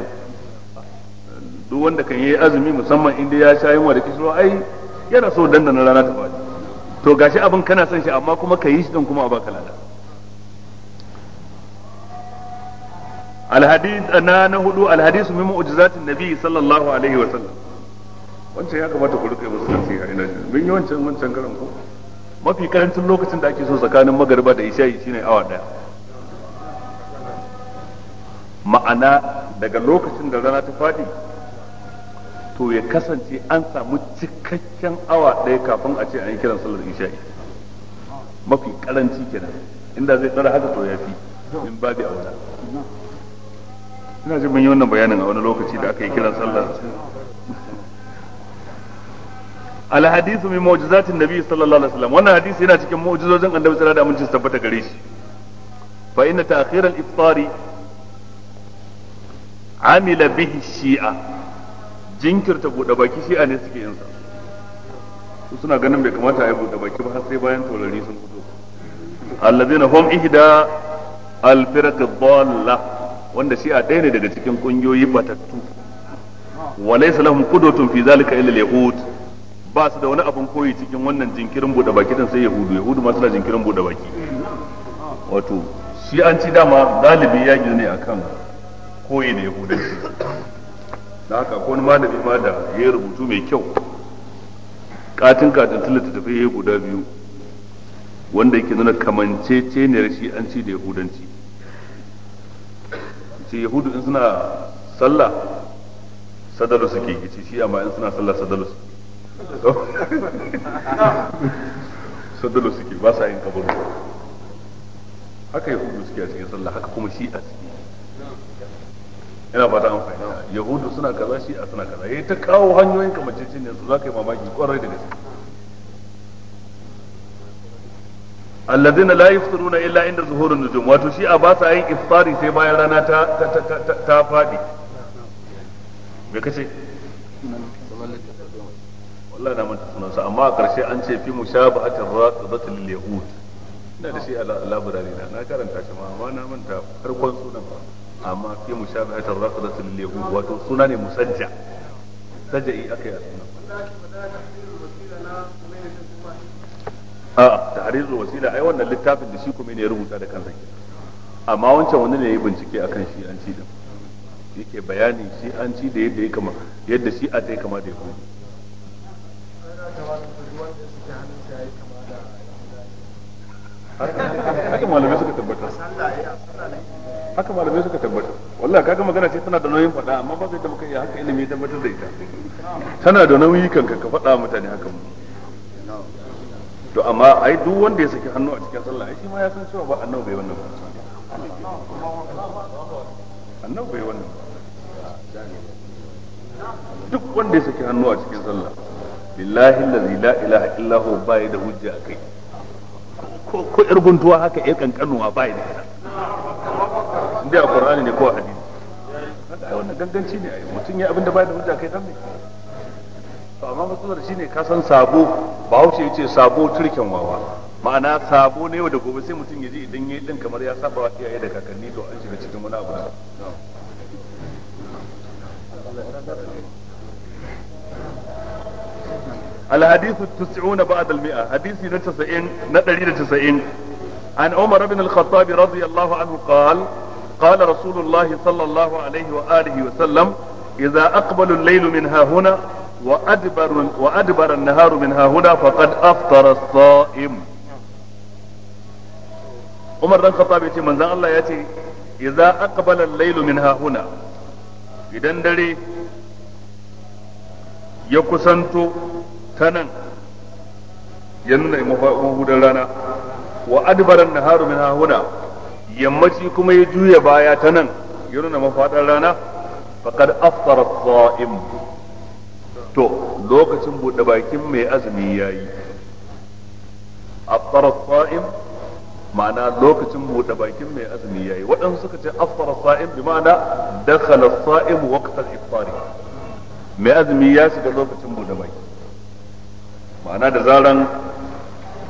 duk wanda kan yi azumi musamman inda ya sha yunwa da kisruwa ai yana so dandana rana ta faɗi to gashi abin kana son shi amma kuma ka yi shi din kuma a lada alhadith na na hudu alhadith sallallahu alaihi wa sallam wancan ya kamata ku ina mun yi wancan wancan mafi karancin lokacin da ake so tsakanin magariba da isha'i shine awa daya ma'ana daga lokacin da rana ta fadi to ya kasance an samu cikakken awa ɗaya kafin a ce an yi kiran sallar isha'i mafi karanci kenan inda zai tsara haka to ya fi min babi wuta ina jin yi wannan bayanin a wani lokaci da aka yi kiran sallah al hadithu min mu'jizatin nabi sallallahu alaihi wasallam wannan hadisi yana cikin mu'jizojin annabi sallallahu alaihi wasallam tabbata gare shi fa inna ta'khir al iftari amila bihi shi'a jinkirta bude baki shi'a ne suke yin sa suna ganin bai kamata a yi bude baki ba har sai bayan taurari sun fito allazina hum ihda al firaq ad-dalla wanda a ɗaya ne daga cikin ƙungiyoyi batattu wa laysa lahum qudwatun fi zalika illa yahud ba su da wani abun koyi cikin wannan jinkirin bude baki din sai yahudu yahudu ma suna jinkirin bude baki wato shi an ci dama galibi ya gina ne akan koyi da yahudu da haka ko wani malami ma da ya rubutu mai kyau katin katin tallata tafi ya guda biyu wanda yake nuna kamancece ne shi an ci da yahudanci yace yahudu in suna sallah sadalu suke yace shi amma in suna sallah sadalu suke sadalu suke ba sa yin kabaru haka yahudu suke a cikin sallah haka kuma shi a suke ina fata an fahimta yahudu suna kaza shi a suna kaza yayi ta kawo hanyoyin kamar ne su ka yi mamaki kwarai da gaske alladheena la yafturuna illa inda zuhurin nujum wato shi a ba sa yin iftari sai bayan rana ta ta ta fadi me kace wallahi na manta sunansa amma a karshe an ce fi mushabahatir ratibati lil yahud ina da shi a labarari na na karanta shi ma amma na manta farkon sunan ba amma fi mushabahatir ratibati lil yahud wato suna ne musajja sajja'i akai a sunan a'a tahrizul wasila ai wannan littafin da shi kuma ne ya rubuta da kansa amma wancan wani ne ya bincike akan shi an ci da yake bayani shi an ci da yadda ya kama yadda shi a tai kama da ya kuma haka malamai suka tabbata haka malamai suka tabbata wallahi kaga magana ce tana da nauyin faɗa amma ba zai ta maka haka ilimi ya tabbatar da ita tana da nauyi kanka ka faɗa mutane haka mu to amma ai duk wanda ya saki hannu a cikin sallah ai shi ma ya san cewa ba annabi bai wannan ba annabi bai wannan duk wanda ya saki hannu a cikin sallah billahi allazi la ilaha illa hu bai da hujja kai, ko ko yar guntuwa haka ya kankanuwa bai da ita inda a qur'ani ne ko hadisi wannan ganganci ne ai mutum ya abinda bai da hujja kai dan ne to amma matsalar shi ne kasan sabo bahaushe ya ce sabo turken wawa ma'ana sabo ne yau da gobe sai mutum ya ji idan ya yi din kamar ya saba wa iyaye da kakanni to an shiga cikin wani abu الحديث التسعون بعد المئة حديث نتسعين ندري نتسعين عن عمر بن الخطاب رضي الله عنه قال قال رسول الله صلى الله عليه وآله وسلم إذا أقبل الليل منها هنا وأدبر وأدبر النهار من هاهنا فقد أفطر الصائم عمر بن الخطاب يتي من ذا الله يتي إذا أقبل الليل من هاهنا إذا دري ya kusanto ta nan ya nuna mahudan rana wa adbaran naharu min hahuna yammaci kuma ya juya baya ta nan ya nuna mafadan rana faqad aftara saim to lokacin buɗe bakin mai azumi ya yi aftarar sa'im ma'ana lokacin buɗe bakin mai azumi ya yi waɗansu suka ce aftarar sa'im bi ma'ana dakhala sa'im waqtal iftari mai azumi ya shiga lokacin buɗe baki ma'ana da zaran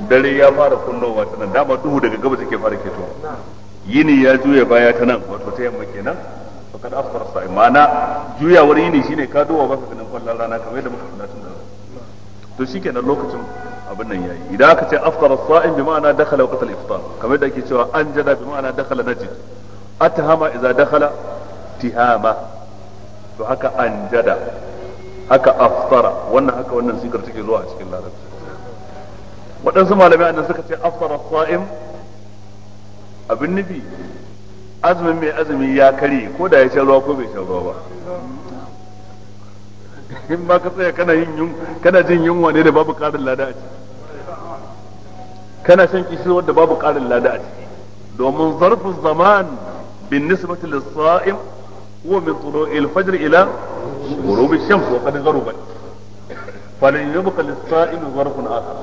dare ya fara kunnowa ta nan dama duhu daga gaba take fara ketowa yini ya juya baya ta nan wato ta yamma kenan kad asfara sa'i ma'ana juyawar yini shine ka duwa baka ganin kwallon rana kamar yadda muka faɗa tun da to shikenan lokacin abin nan yayi idan aka ce afṭara as-sa'im bi ma'ana dakhala waqt al-ifṭar kamar da ake cewa an jada bi ma'ana dakhala najid atahama idza dakhala tihama to haka anjada haka aftara wannan haka wannan sikar take zuwa a cikin larabci waɗansu malamai annan suka ce afṭara as-sa'im abin nufi azumin mai azumi ya kare ko da ya sha ruwa ko bai sha ruwa ba in ba ka tsaya kana yin yun kana jin yunwa ne da babu karin lada a ciki kana shan kishi da babu karin lada a ciki domin zarfin zaman bin nisbati lis-sa'im huwa min tulu'il fajr ila ghurubi shams wa qad gharubat falan yi lis-sa'im zarfun akhar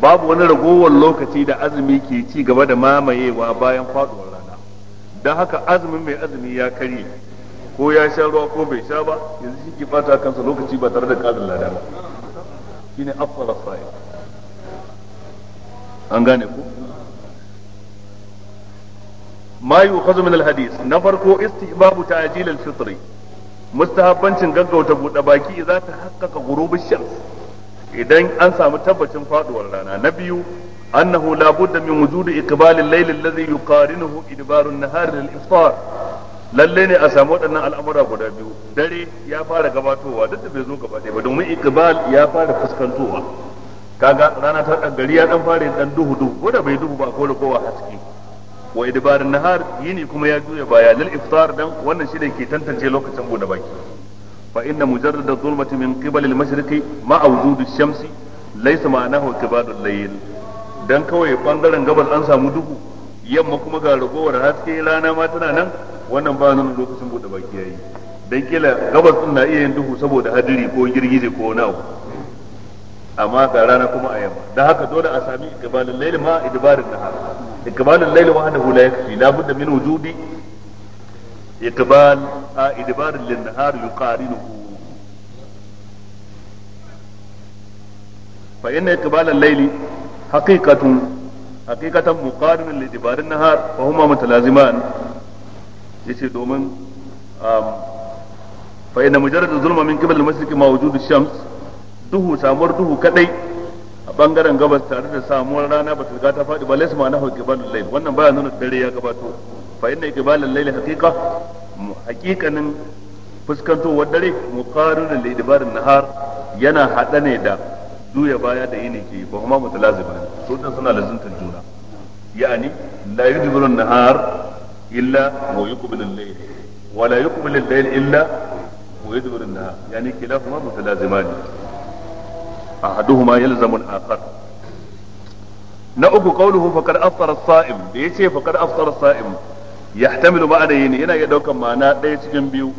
babu wani ragowar lokaci da azumi ke ci gaba da mamayewa bayan faduwar don haka azumin mai azumi ya karye ko ya sha ruwa ko bai sha ba yanzu shi ke fata kansa lokaci ba tare da ƙarin lada ba ne afsala sa'i an gane ku Mayu yukhadhu min alhadith na farko istibabu ta'jil alfitr mustahabbancin gaggauta buɗe baki zata ta haƙƙaƙa gurubi shams idan an samu tabbacin faduwar rana na biyu أنه لا بد من وجود إقبال الليل الذي يقارنه إدبار النهار للإفطار lallai ne a samu waɗannan al'amura guda biyu dare ya fara gabatowa duk da bai zo gaba ba domin iqbal ya fara fuskantowa kaga rana ta dan gari ya dan fara dan duhu duhu ko da bai duhu ba ko da kowa a ciki wa idbar nahar yini kuma ya juya baya lil iftar dan wannan shi da ke tantance lokacin bude baki fa inna mujarrada dhulmati min qibal al mashriqi ma wujud ash-shamsi laysa ma'anahu qibal al-layl dan kawai bangaren gabas an samu duhu yamma kuma ga ragowar haske rana ma tana nan wannan ba nuna lokacin bude baki yayi dan kila gabas din na iya yin duhu saboda hadiri ko girgije ko wani abu amma ga rana kuma a yamma dan haka dole a sami ikbalul laili ma idbarin nahar ikbalul laili wahdahu la yakfi la budda min wujudi iqbal a idbarin lin nahar yuqarinuhu fa inna iqbalul layli حقيقة حقيقة مقارنة لدبار النهار وهما متلازمان يشي دومن فإن مجرد الظلم من قبل المشرق مع وجود الشمس duhu samuwar duhu kadai a bangaren gabas tare da samuwar rana ba ta riga ta faɗi ba laysa ma nahu qibalul layl wannan baya nuna dare ya gabato fa inna qibalul layl haqiqa haqiqanin fuskantowar dare nahar yana hada da duya baya da yini ke ba kuma mutalazima ne su din suna lazuntar juna yani la yudbiru an-nahar illa wa yuqbilu al-layl wa la yuqbilu al-layl illa wa yudbiru an-nahar yani kilahuma mutalaziman ahaduhuma yalzamu al-akhar na uku qawluhu faqad afṭara as-sa'im da yace faqad afṭara as-sa'im yahtamilu ma'ana yini yana iya daukan ma'ana ɗaya cikin biyu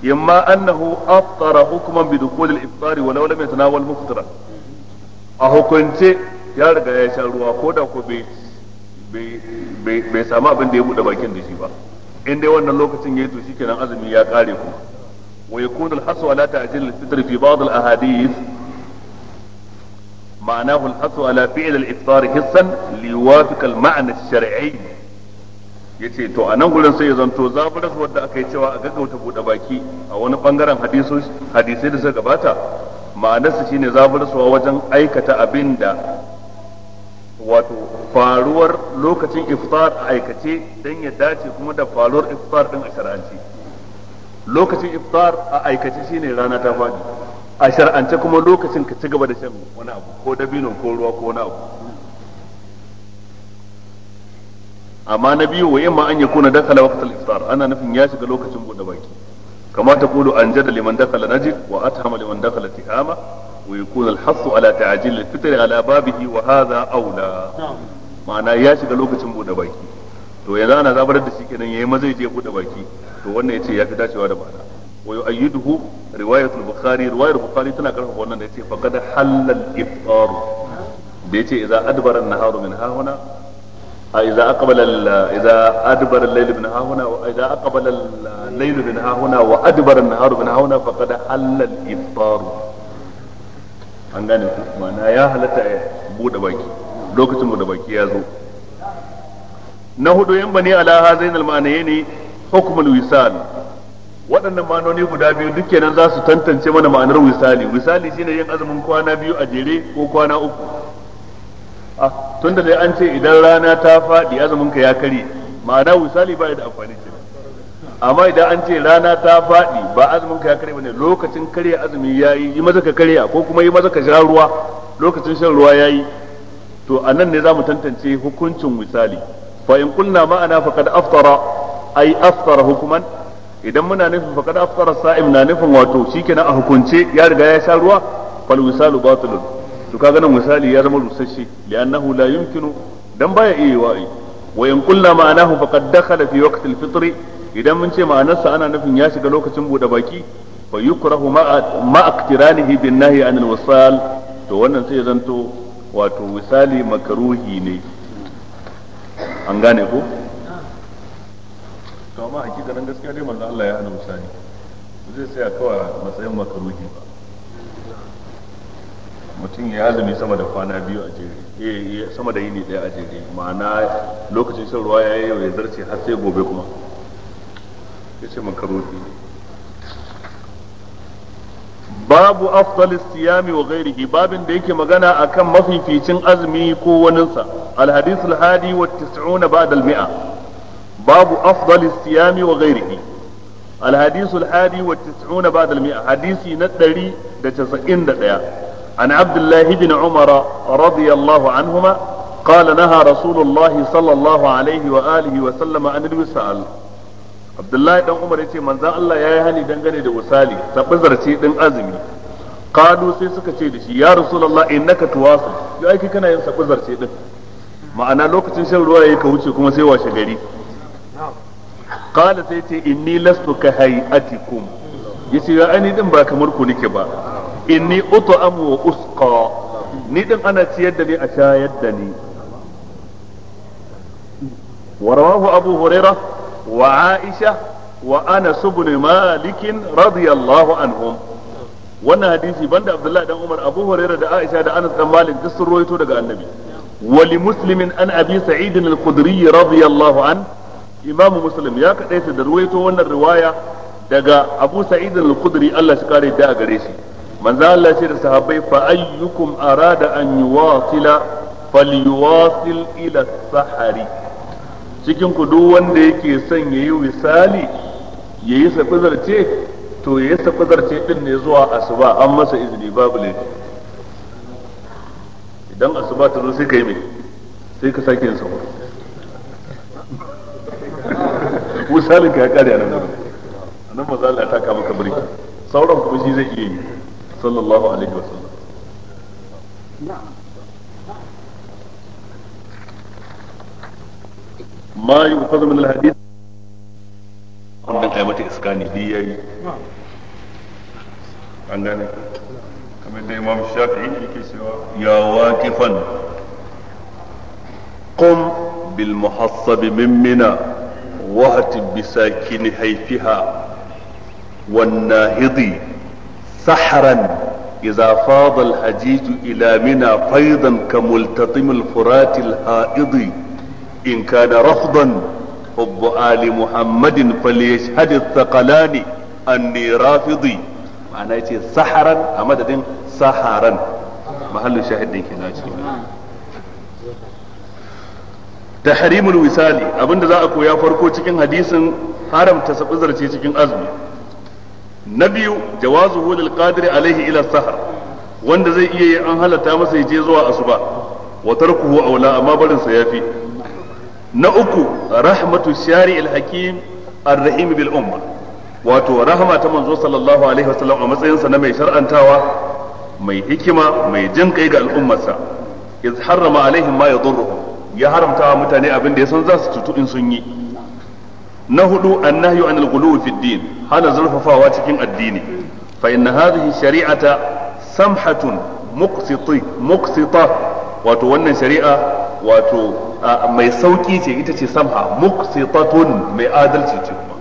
imma annahu aftara hukman bi dukhul al-ifṭar wa law lam yatanawal mufṭira a hukunce ya riga ya sha ruwa ko da ko bai samu abin da ya buɗe bakin da shi ba in dai wannan lokacin ya yi to shikenan azumi ya kare ku wa yakunu al-hasu ala ta'jil al-fitr fi ba'd al-ahadith معناه الحث على فعل الافطار حسا ليوافق المعنى الشرعي yace to a nan gurin sai ya zanto zaburas wadda aka yi cewa a gaggauta buɗe baki a wani bangaren hadisai da suka gabata ma'anarsa shine zaburarsuwa wajen aikata abin da wato faruwar lokacin iftar a aikace don ya dace kuma da faruwar iftar din a shar'anci lokacin iftar a aikace shine rana ta fadi a shar'ance kuma lokacin ka ci gaba da shan wani abu ko dabino ko ruwa ko wani abu amma na biyu wa yamma an yakuna dakala waqtal iftar ana nufin ya shiga lokacin bude baki كما تقول أنجد لمن دخل نجد وأتهم لمن دخل تهامة ويكون الحص على تعجيل الفطر على بابه وهذا أولى ma'ana ya shiga lokacin bude baki to yanzu ana zabar da shi kenan yayi maza je bude baki to wannan yace ya fi dacewa da ma'ana wa yu'ayyiduhu riwayatul bukhari riwayar bukari tana karfafa wannan da yace faqad halal da yace idza adbara na naharu min hahuna إذا أقبل إذا أدبر الليل من هنا وإذا أقبل الليل من هنا وأدبر النهار من هنا فقد حل الإفطار an gane ku ma'ana ya halatta ya bude baki lokacin bude baki ya zo na hudu yan bani ala hazain almanaye ne hukmul wisal waɗannan ma'anoni guda biyu duk kenan za su tantance mana ma'anar wisali wisali shine yin azumin kwana biyu a jere ko kwana uku tun da dai an ce idan rana ta faɗi azumin ka ya kare ma'ana misali ba da amfani ke amma idan an ce rana ta faɗi ba azumin ka ya kare bane lokacin kare azumi yayi yi maza ka kare ko kuma yi maza ka sha ruwa lokacin shan ruwa yayi to anan ne zamu tantance hukuncin misali fa in kunna ma'ana fa kad aftara ay aftara hukuman idan muna nufin kad aftara sa'im na nufin wato shikenan a hukunce ya riga ya sha ruwa fal misalu batilun to kaga nan misali ya zama rusasshe annahu la yumkinu dan baya iya yiwa ai wa in qulna ma'anahu faqad dakhala fi waqti al-fitr idan mun ce ma'anarsa ana nufin ya shiga lokacin bude baki fa yukrahu ma iktiranihi bin nahyi al wasal to wannan sai zanto wato misali makaruhi ne an gane ko to amma hakika nan gaskiya dai manzo Allah ya hana misali zai sai kawai matsayin makaruhi ba mutum ya azumi sama da kwana biyu a jere eh, sama da yini daya a jere ma'ana lokacin shan ruwa ya yau ya zarce har sai gobe kuma ya ce makarofi babu afdal siyami wa ghairihi babin da yake magana akan mafificin azumi ko waninsa al Alhadi wa 90 ba'da al babu afdal siyami wa ghairihi al hadith al hadi wa 90 ba'da al mi'a hadisi na 191 عن عبد الله بن عمر رضي الله عنهما قال نهى رسول الله صلى الله عليه وآله وسلم عن الوسال عبد الله بن عمر يتي من ذا الله يا هني da wasali tabazarci din azumi kadu sai suka ce da shi ya rasulullah innaka tuwasu ya aiki kana yin sabazarci din ma'ana lokacin shan ruwa yayi wuce kuma sai washe gari qala sai ce inni lastu ka hayatikum yace ya ani ba kamar ku ba inni uto ut'amu wa usqa ni din ana ciyar da ni a shayar da ni Abu ورواه wa Aisha wa ana بن مالك malikin الله anhum. wannan hadisi banda Abdullahi dan Umar Abu Hurairah da Aisha da Anas dan Malik duk sun rawaito daga Annabi wali muslimin an Abi Sa'id al-Khudri radiyallahu an Imamu Muslim ya kadaita da rawaito wannan riwaya daga Abu Sa'id al-Khudri Allah shi kare da gare shi manzo Allah ce da sahabbai fa ayyukum arada an yuwasila falyuwasil ila sahari cikin ku duk wanda yake son yayi wisali yayi safizarce to yayi safizarce din ne zuwa asuba an masa izini babu ne idan asuba ta zo sai kai mai sai ka sake yin sahur misalin ka ya kare nan nan manzo Allah ya taka maka birki sauran kuma shi zai iya yi صلى الله عليه وسلم نعم ما يؤخذ من الحديث ربنا قيامة إسكاني دي عندنا كما يقول الإمام الشافعي يا واقفا قم بالمحصب من منى وهت بساكن حيفها والناهض سحرا إذا فاض الحجيج إلى منى فيضا كملتطم الفرات الحائض إن كان رفضا حب آل محمد فليشهد الثقلان أني رافضي معناه يتي سحرا أمدد سحرا محل شاهد دين كنا تحريم الوسال أبن ذا أكو يا فرقو تكين حديث haramta sabizarce cikin azumi na biyu jawazu lil qadiri alaihi ila sahar wanda zai iya yi an halatta masa ya je zuwa asuba wa tarkuhu aula amma barin sa yafi na uku rahmatu shari al hakim ar-rahim bil umma wato rahama ta manzo sallallahu alaihi wasallam a matsayin sa na mai shar'antawa mai hikima mai jin kai ga al'ummarsa iz harrama alaihim ma yadurruhum ya haramta mutane abin da ya san za su cutu in sun yi na hudu annahyu anil ghuluwi fi din hana zurfafawa cikin addini fa inna hadhihi shari'ata samhatun muqsiti muqsita wato wannan shari'a wato mai sauki ce ita ce samha muqsitatun mai adalci ce kuma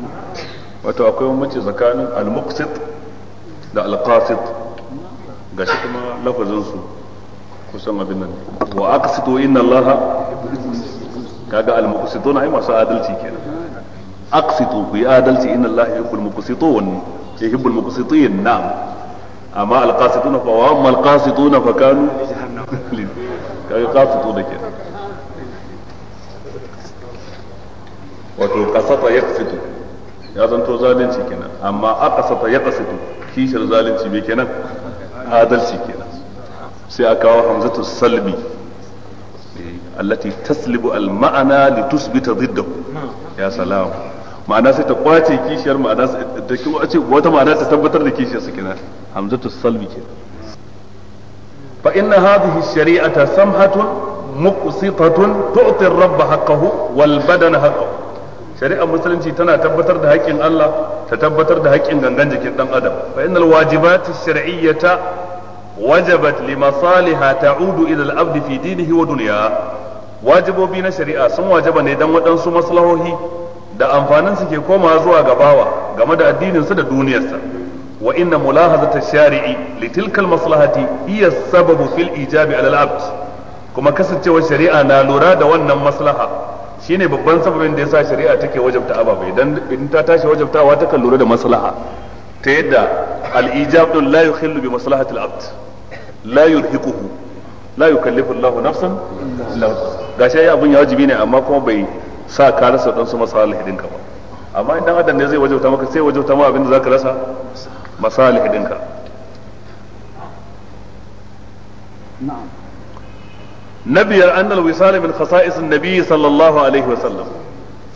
wato akwai mace tsakanin al-muqsit da al-qasit gashi kuma lafazin su kusan abin nan wa aqsitu inna allaha kaga al-muqsituna ai masu adalci kenan aqsitu ku yi adalci inna Allah yuhibbul muqsitun yuhibbul muqsitin na'am amma alqasituna fa wa amma alqasituna fa kanu kai kaga da ke. wato kasata yaqsitu ya zanto zalunci kenan amma aqsata yaqsitu kishar zalunci me kenan adalci kenan sai a kawo hamzatu salbi allati taslibu al ma'ana litusbita diddahu ya salam ma'ana sai ta kwace kishiyar ma'ana da ce wata ma'ana ta tabbatar da kishiyar su kenan hamzatu salmi ke fa inna hadhihi shari'ata samhatun muqsitatun tu'ti ar-rabb haqqahu wal badan haqqahu shari'ar musulunci tana tabbatar da haƙƙin Allah ta tabbatar da haƙƙin gangan jikin dan adam fa innal wajibati shar'iyyata wajabat li masaliha ta'udu ila al-abd fi dinihi wa dunyahi wajibobi na shari'a sun wajaba ne dan waɗansu maslahohi da amfanin su ke komawa zuwa gabawa game da addinin su da duniyarsa wa inna mulahazata shari'i li tilkal maslahati iya sababu fil ijabi ala abd kuma kasancewar shari'a na lura da wannan maslaha shine babban sababin da yasa shari'a take wajabta ababai idan in ta tashi wajabtawa ta kan lura da maslaha ta yadda al-ijab din la yukhillu bi maslahati al-abd la yurhiquhu la yukallifu Allahu nafsan gashi abun ya wajibi ne amma kuma bai sa ka rasa dan su masalihidin ka ba amma idan adam ne zai wajauta maka sai wajauta ma abinda zaka rasa masu ka na biyar annal wisal min khasa'is Nabi sallallahu alaihi wa sallam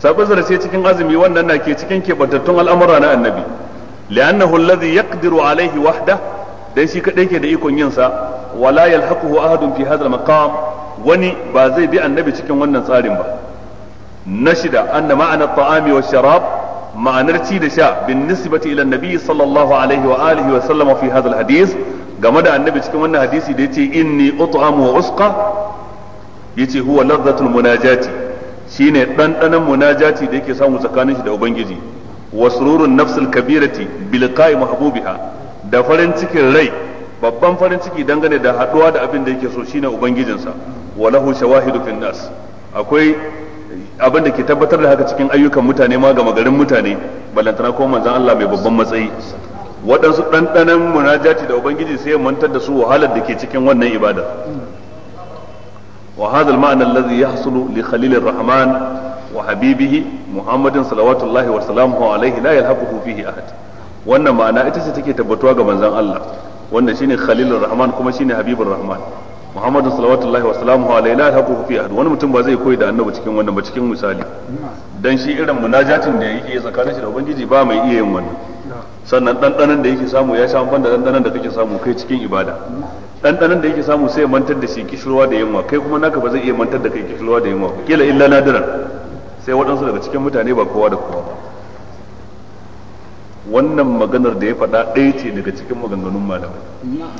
sabazar ce cikin azumi wannan na ke cikin kebantattun al'amura na annabi li'annahu alladhi yaqdiru alaihi wahda dan shi kadai ke da ikon yin sa wala yalhaquhu ahadun fi hadha al-maqam wani ba zai bi annabi cikin wannan tsarin ba na shida anna ma'anar ta'ami wa sharab ma'anar ci da sha bin nisbati ila nabi sallallahu alaihi wa alihi wa sallama fi hadal hadis game da annabi cikin wannan hadisi da ce inni ut'amu wa usqa yace huwa ladhatul munajati shine dandanan munajati da yake samu tsakanin shi da ubangiji wa sururun nafsul kabirati bilkai mahbubiha da farin cikin rai babban farin ciki dangane da haɗuwa da abin da yake so shine ubangijinsa wa lahu shawahidu fin akwai abin da ke tabbatar da haka cikin ayyukan mutane ma gama garin mutane balantana ko manzon Allah mai babban matsayi waɗansu ɗanɗanan munajati da ubangiji sai ya mantar da su wahalar da ke cikin wannan ibada wa hadha al-ma'na alladhi yahsulu li khalil ar-rahman wa habibihi muhammadin salawatullahi wa salamuhu alayhi la yalhaquhu fihi ahad wannan ma'ana ita ce take tabbatuwa ga manzon Allah wanda shine khalilur rahman kuma shine habibur rahman muhammadu salawatullahi wa salamu alaihi la haqu fi ahad wani mutum ba zai koyi da annabi cikin wannan ba cikin misali dan shi irin munajatin da yake tsakanin shi da ubangiji ba mai iya yin wannan sannan danan da yake samu ya sha amfani da danan da kake samu kai cikin ibada danan da yake samu sai ya mantar da shi kishirwa da yunwa kai kuma naka ba zai iya mantar da kai kishirwa da yunwa kila illa nadiran sai waɗansu daga cikin mutane ba kowa da kowa ba wannan maganar da ya faɗa ɗaya ce daga cikin maganganun malamai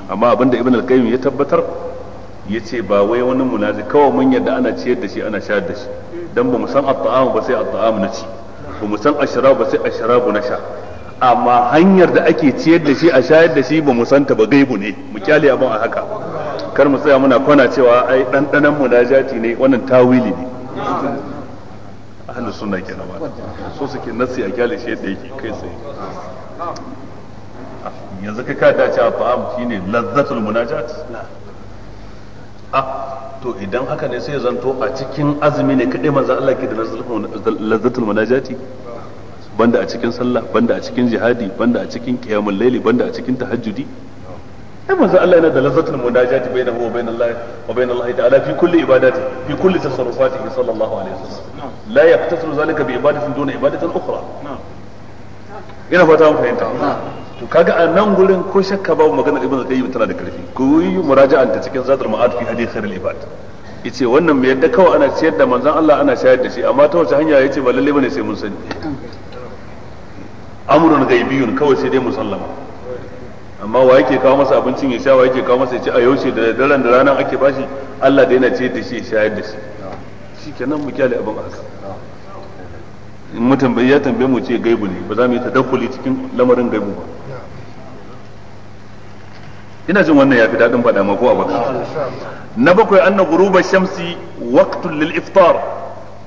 amma abinda ibn al-qayyim ya tabbatar ya ce ba wai wani munazi kawai mun yadda ana ciyar da shi ana shayar da shi don ba mu san at ba sai at-ta'am na ci ba mu san ashrab ba sai ashrabu na sha amma hanyar da ake ciyar da shi a shayar da shi ba mu santa ba gaibu ne mu kyale abin a haka kar mu tsaya muna kwana cewa ai dandanan jati ne wannan tawili ne ahlus suna kenan ba so suke nasi a kyale shi yadda yake kai tsaye ah, yanzu ka kada cewa ta'am shine lazzatul munajat a to idan haka ne sai zanto a cikin azumi ne kadai manzo Allah ke da lazzatul munajati banda a cikin sallah banda a cikin jihadi banda a cikin qiyamul layli banda a cikin tahajjudi ai manzo Allah yana da lazzatul munajati bainahu wa bain Allah wa bain Allah ta'ala fi kulli ibadati fi kulli tasarrufatihi sallallahu alaihi wasallam la yaqtasiru zalika bi ibadatin duna ibadatin ukhra ina fata mun fahimta to kaga a nan gurin ko shakka babu maganar ibnu qayyim tana da karfi ku yi muraja'an ta cikin zadar ma'ad fi hadith khairul ibad yace wannan mai yadda kawai ana ciyar da manzon Allah ana shayar da shi amma ta wace hanya yace ba lalle bane sai mun sani amrun ghaibiyun kawai sai dai musallama amma wa yake kawo masa abincin ya sha wa yake kawo masa ya ce a yaushe da daren da ranar ake bashi Allah da yana ciyar da shi ya shayar da shi shikenan mu kyale abin haka in mu tambayi ya tambaye mu ce gaibu ne ba za mu yi tadakkuli cikin lamarin gaibu ba ina jin wannan yafi dadin faɗa ma ko a baka na bakwai anna ghuruba shamsi waqtul lil iftar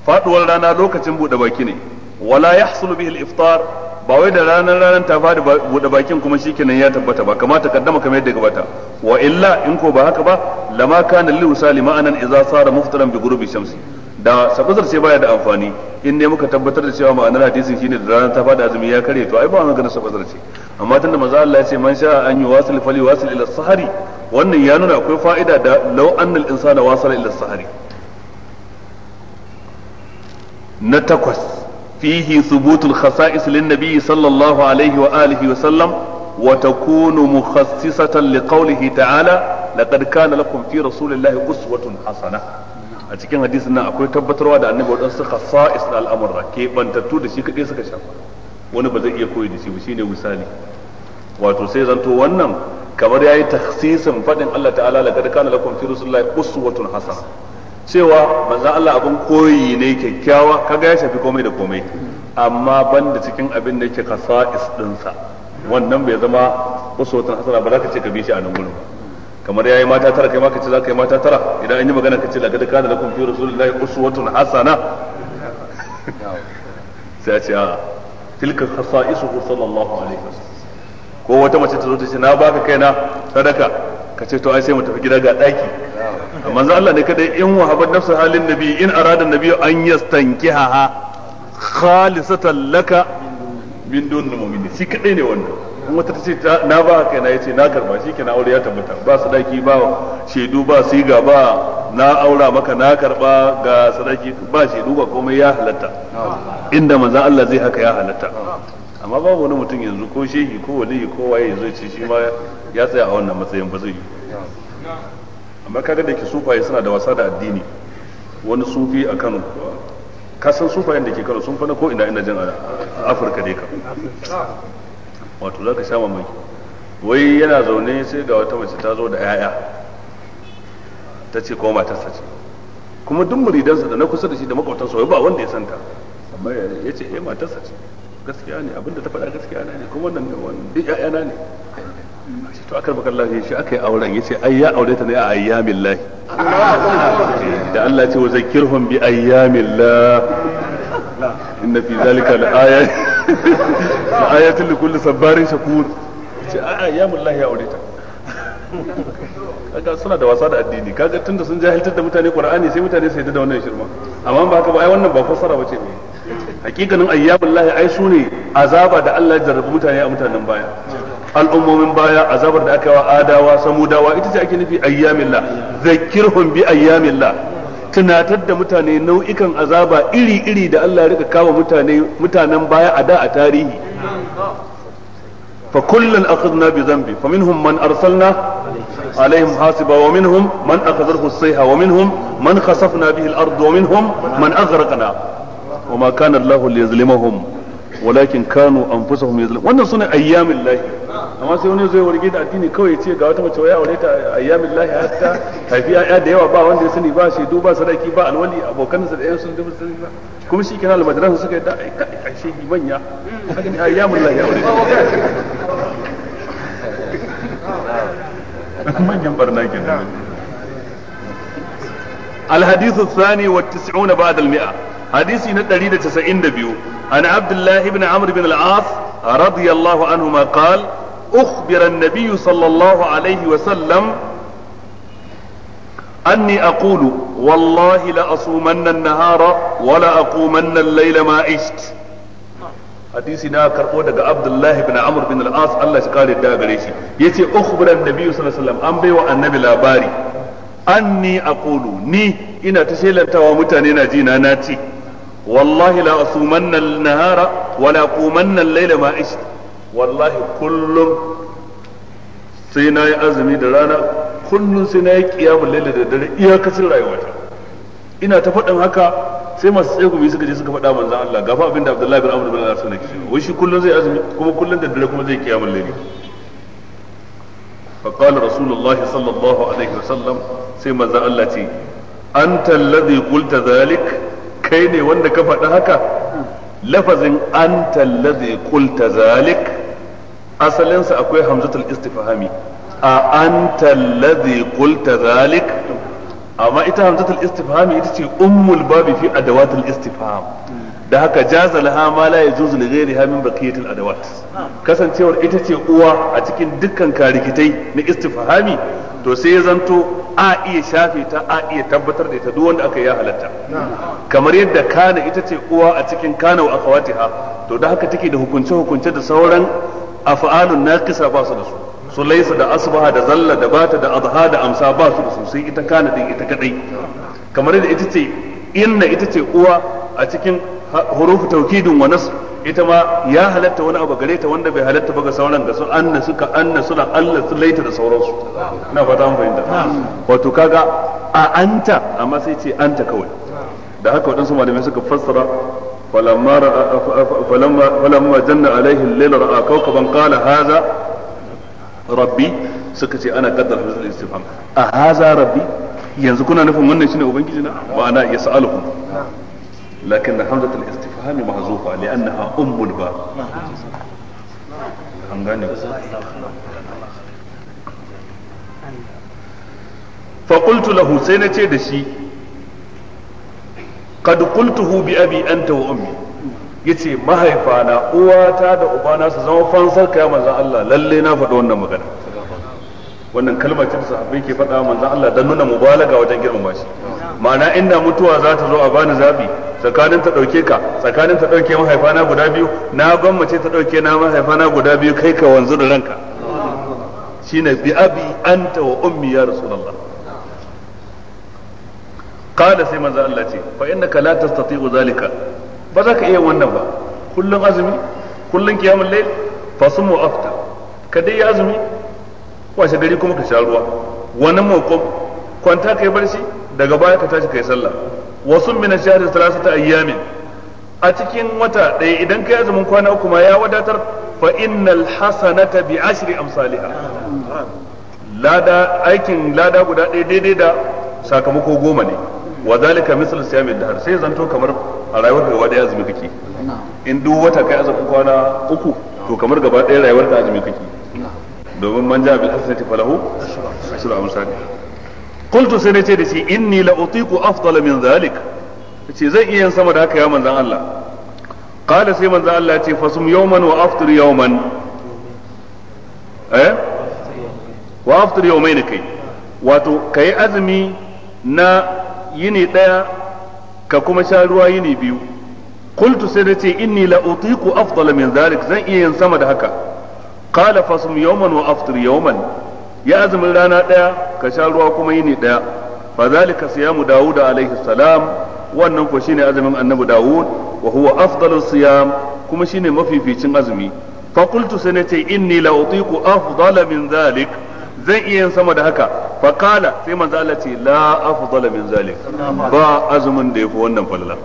faduwar rana lokacin bude baki ne wala yahsulu bihi al iftar ba wai da ranar ranar ta fadi bude bakin kuma shikenan ya tabbata ba kamata kaddama kamar yadda gabata wa illa in ko ba haka ba lama kana lil usali ma'anan idza sara muftaran bi ghurubi shamsi da sakuzar ce baya da amfani in ne muka tabbatar da cewa ma'anar hadisin shine da ranar ta fada azumi ya kare to ai ba magana sakuzar ce amma tunda Maza Allah ya ce man sha'a an yuwasil falyuwasil ila sahari wannan ya nuna akwai fa'ida da law annal insana wasala ila sahari na takwas fihi thubutul khasa'is lin nabiy sallallahu alaihi wa alihi wa sallam wa takunu mukhassisatan liqawlihi ta'ala laqad kana lakum fi rasulillahi uswatun hasana a cikin hadisin nan akwai tabbatarwa da annabi wadansu khasa'is na al'amura ke bantattu da shi kadai suka shafa wani ba zai iya koyi da shi ba shine misali wato sai zanto wannan kamar yayi takhsisin fadin Allah ta'ala laqad kana lakum fi rasulillahi uswatun hasana cewa manzon Allah abin koyi ne kyakkyawa kaga ya shafi komai da komai amma banda cikin abin da yake kasa'is dinsa wannan bai zama uswatun hasana ba za ka ce ka bi shi a nan gurin kamar yayi mata tara kai ma ka ce za ka yi mata tara idan an yi magana ka ce laqad kana lakum fi rasulillahi uswatun hasana sai a ce a'a tilka khasa'isuhu sallallahu alaihi ko wata mace ta zo ta ce na baka kaina sadaka ka ce to ai sai mu tafi gida ga daki amma zan Allah ne kada in wahabat nafsu halin nabi in arada nabi an yastankiha khalisatan laka min dunni mu'mini shi kadai ne wannan wata ta ce na ba kai na yace na karba shi kenan aure ya tabbata ba sadaki ba shaidu ba siga ba na aura maka na karba ga sadaki ba shaidu ba komai ya halatta inda manzon Allah zai haka ya halatta amma babu wani mutum yanzu ko shehi ko waliyi ko waye yanzu ce shi ma ya tsaya a wannan matsayin ba zai yi amma kaga da ke sufaye suna da wasa da addini wani sufi a Kano kasan sufayen da ke Kano sun fana na ko ina ina jin a Afirka dai ka wato za ka sha mai wai yana zaune sai ga wata mace ta zo da 'ya'ya ta ce kuma matarsa ce kuma duk muridansa da na kusa da shi da makwabtansa wai ba wanda ya santa amma ya ce eh matarsa ce gaskiya ne abinda ta faɗa gaskiya na ne kuma wannan duk na ne to akar bakar lafiya shi aka yi auren ce ai ya aure ta ne a ayyamin lahi da Allah ce wa zakirhum bi ayyamin la inna fi zalika al-ayat ayatul kulle sabbarin shakur ce a'a ya mullahi ya aure ta kaga suna da wasa da addini kaga tunda sun jahiltar da mutane qur'ani sai mutane su yadda da wannan shirma amma ba haka ba ai wannan ba fassara bace ne. hakikanin ayyamul lahi ai sune azaba da Allah ya jarrabu mutane a mutanen baya al'ummomin baya azabar da aka yi wa adawa samudawa ita ce ake nufi la zakirhum bi la tunatar da mutane nau'ikan azaba iri-iri da Allah ya rika kawo mutane mutanen baya a da a tarihi fa kullun akhadna bi dhanbi fa minhum man arsalna alaihim hasiba wa minhum man akhadhahu as-sayha wa minhum man khasafna bihi al-ard wa minhum man aghraqna wa ma kana Allah liyazlimahum walakin kanu anfusahum yazlimun wannan sunan ayyamin lahi amma sai wani zai warge da addini kawai ce ga wata mace waya aure ta ayyamin lahi hatta haifi ya'ya da yawa ba wanda ya sani ba shaidu ba sadaki ba alwali abokan sa da yan sun dubu sani kuma shi kenan almadrasa suka yi da ai kai kai manya ayyamin lahi aure manyan barna kenan الحديث الثاني والتسعون بعد المئة حديث ندريد تسعين عن عبد الله بن عمرو بن العاص رضي الله عنهما قال أخبر النبي صلى الله عليه وسلم أني أقول والله لأصومن النهار ولا أقومن الليل ما عشت hadisi na karbo daga Abdullah ibn Amr bin al-As Allah shi kare da gare yace ukhbira annabi sallallahu alaihi wasallam an baiwa annabi labari anni aqulu ni ina ta shelantawa mutane na jina na ce wallahi la nahara wa wallahi kullum sai na yi azumi da rana kullum sai na yi kiyamun laila da dare iyakacin rayuwata ina ta faɗin haka sai masu tsaye gobe suka je suka faɗa manzan Allah gafa abin da Abdullahi bin Amr bin Al-As ne wai shi kullum zai azumi kuma kullum da dare kuma zai kiyamun laila fa qala rasulullahi sallallahu alaihi wasallam sai manzan Allah ce anta alladhi qulta dhalik kai ne wanda ka faɗa haka lafazin an allazi qulta zalik asalinsa akwai hamzatul istifhami a anta allazi qulta zalik amma ita hamzatul istifhami ita ce ummul babi fi adawatul istifham da haka jaza laha ma la yajuzu li ghayriha min baqiyatil adawat kasancewar ita ce uwa a cikin dukkan karikitai na istifhami to sai ya zanto a iya shafe ta a iya tabbatar da ita duk wanda aka ya halatta kamar yadda kana ita ce uwa a cikin kana wa akhawatiha to da haka take da hukunce hukunce da sauran af'alun naqisa ba su da su su laisa da asbaha da zalla da bata da adha da amsa ba su da sosai ita kana din ita kadai kamar yadda ita ce inna ita ce uwa a cikin hurufu taukidin wa nasr ita ma ya halatta wani abu gare ta wanda bai halatta ba ga sauran ga su anna suka anna suna Allah su laita da sauransu ina fata mun fahimta wato kaga a anta amma sai ce anta kawai da haka waɗansu malamai suka fassara falamma falamma janna alaihi al-laila ra'a kawkaban qala hadha rabbi suka ce ana qaddar hazal istifham a haza rabbi yanzu kuna nufin wannan shine ubangiji na ma'ana yas'aluhum lakin hamzat al-istifham mahzufa li'annaha ummul ba an gane fa qultu lahu sai nace da shi qad qultuhu bi abi anta wa ummi yace mahaifana uwata da ubana su zama fansar kai manzon Allah lalle na faɗi wannan magana wannan kalmar ce abin ke faɗa manzon Allah dan nuna mubalaga wajen girmama shi ma'ana inda mutuwa za ta zo a bani zabi tsakanin ta dauke ka tsakanin ta dauke mahaifana guda biyu na gwammace ta dauke na mahaifana guda biyu kai ka wanzu da ranka shine bi abi anta wa ummi ya rasulullah qala sai manzon Allah ce fa innaka la tastati'u zalika ba za ka iya wannan ba kullum azumi kullum kiyamun lail fa sumu afta ka dai azumi washe gari kuma ka sha ruwa wani mako kwanta kai barci daga baya ka tashi kai sallah wasu min ashhari thalathata ayyamin a cikin wata ɗaya idan kai azumin kwana uku ma ya wadatar fa innal hasanata bi ashri amsaliha lada aikin lada guda ɗaya daidai da sakamako goma ne wa zalika misal siyamil dahar sai zanto kamar a rayuwar gaba daya azumi kake in duk wata kai azumin kwana uku to kamar gaba daya rayuwar ka azumi kake domin man ja bil hasanati falahu ashru amsali qultu sai nace da shi inni la utiqu afdal min zalik ce zan iya yin sama da haka ya manzon Allah qala sai manzon Allah ya ce fasum yawman wa aftir yawman eh wa aftir yawmain kai wato kai azumi na yini ɗaya ka kuma sha ruwa yini biyu qultu sai nace inni la utiqu afdala min zalik zan iya yin sama da haka qala fasum yawman wa aftir yawman ya azumin rana ɗaya ka sha ruwa kuma yini ɗaya. fa zalika siyamu daud alaihi salam wannan ko shine azumin annabi daud wa huwa afdalu siyam kuma shine mafificin azumi fa qultu sai nace inni la utiqu afdala min zalik zan iya yin sama da haka fa kala sai manzo Allah ce la afdala min zalik ba azumin da yafi wannan falala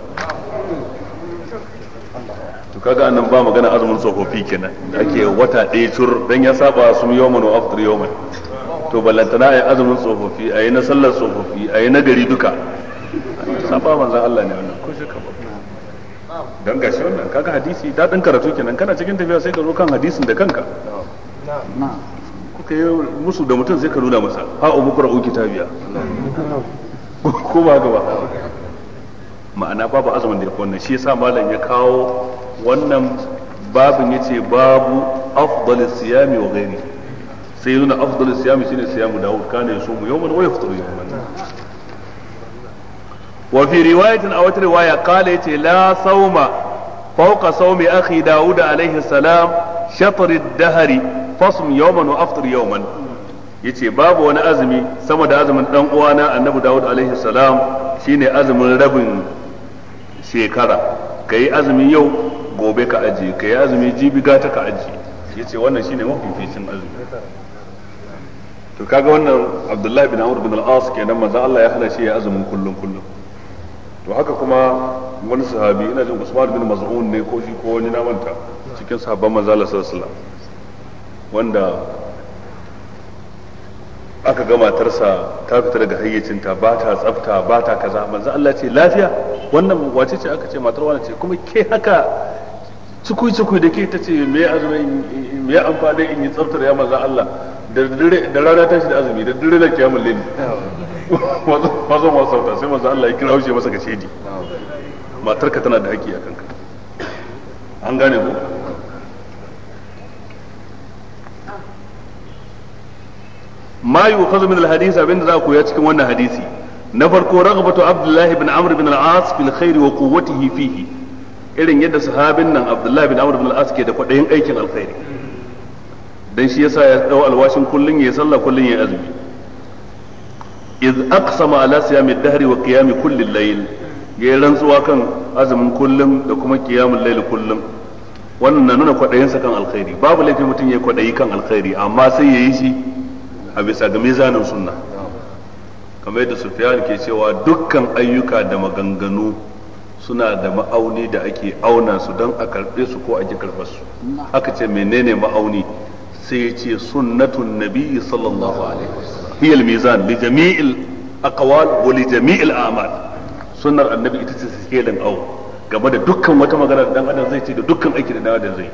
to kaga annan ba magana azumin tsofaffi kenan ake wata ɗaya tur dan ya saba su yawman wa afdar yawman to ballantana ayi azumin tsofaffi ayi na sallar tsofaffi ayi na gari duka saba manzo Allah ne wannan ko shi dan gashi wannan kaga hadisi dan karatu kenan kana cikin tafiya sai ka zo kan hadisin da kanka na'am kai musu da mutum sai ka nuna masa ha umu qura'u kitabiya ko ba ga ba ma'ana babu azumin da ya wannan shi yasa malam ya kawo wannan babin yace babu afdal siyami wa ghairi sai nuna afdal siyami shine siyamu daud kana yasumu yawman wa yafṭiru yawman wa fi riwayatin aw wata riwaya qala yace la sauma, fawqa sawmi akhi daud alayhi salam shatr ad-dahr fasum yawman wa aftar yawman yace babu wani azumi sama da azumin dan uwana annabi Dawud alaihi salam shine azumin rabin shekara kai azumi yau gobe ka aji kai azumi jibi gata ka aji yace wannan shine mafificin azumi to kaga wannan Abdullahi bin Amr bin al-As kenan manzo Allah ya hana shi ya azumin kullun kullun to haka kuma wani sahabi ina jin Usman bin maz'un ne ko shi ko wani na manta cikin sahabban manzo Allah sallallahu alaihi wasallam wanda aka ga matarsa ta fita daga hayyacinta ba ta tsafta ba ta kaza manzo Allah ce lafiya wannan wace ce aka ce matar wannan ce kuma ke haka cikui cikui da ke ta ce me azumi me amfani in yi tsaftar ya manzo Allah da rana ta shi da azumi da dare da kiyamul layli wazo ma tsafta sai manzo Allah ya kira shi masa ka shedi matarka tana da haƙƙi a kanka an gane ko ma yukhadhu min al-hadith abinda za a koya cikin wannan hadisi na farko raghbatu abdullahi ibn amr ibn al-as fil khair wa quwwatihi fihi irin yadda sahabin nan abdullahi bin amr bin al-as ke da kwaɗayin aikin alkhairi dan shi yasa ya dau alwashin kullun ya sallah kullun ya azumi iz aqsama ala siyami ad-dahr wa qiyami kulli al-layl ya rantsuwa kan azumin kullum da kuma qiyamul layl kullum wannan na nuna kwadayin sa kan alkhairi babu laifi mutum ya kwaɗayi kan alkhairi amma sai ya yi shi a bisa ga mizanin sunna kamar yadda sufiyan ke cewa dukkan ayyuka da maganganu suna da ma'auni da ake auna su don a karɓe su ko a ji karɓar su aka ce menene ma'auni sai ya ce sunnatun nabi sallallahu alaihi wasallam mizan li jami'il aqwal wa li jami'il a'mal sunnar annabi ita ce sikelin au game da dukkan wata magana da dan adam zai ce da dukkan aiki da dan adam zai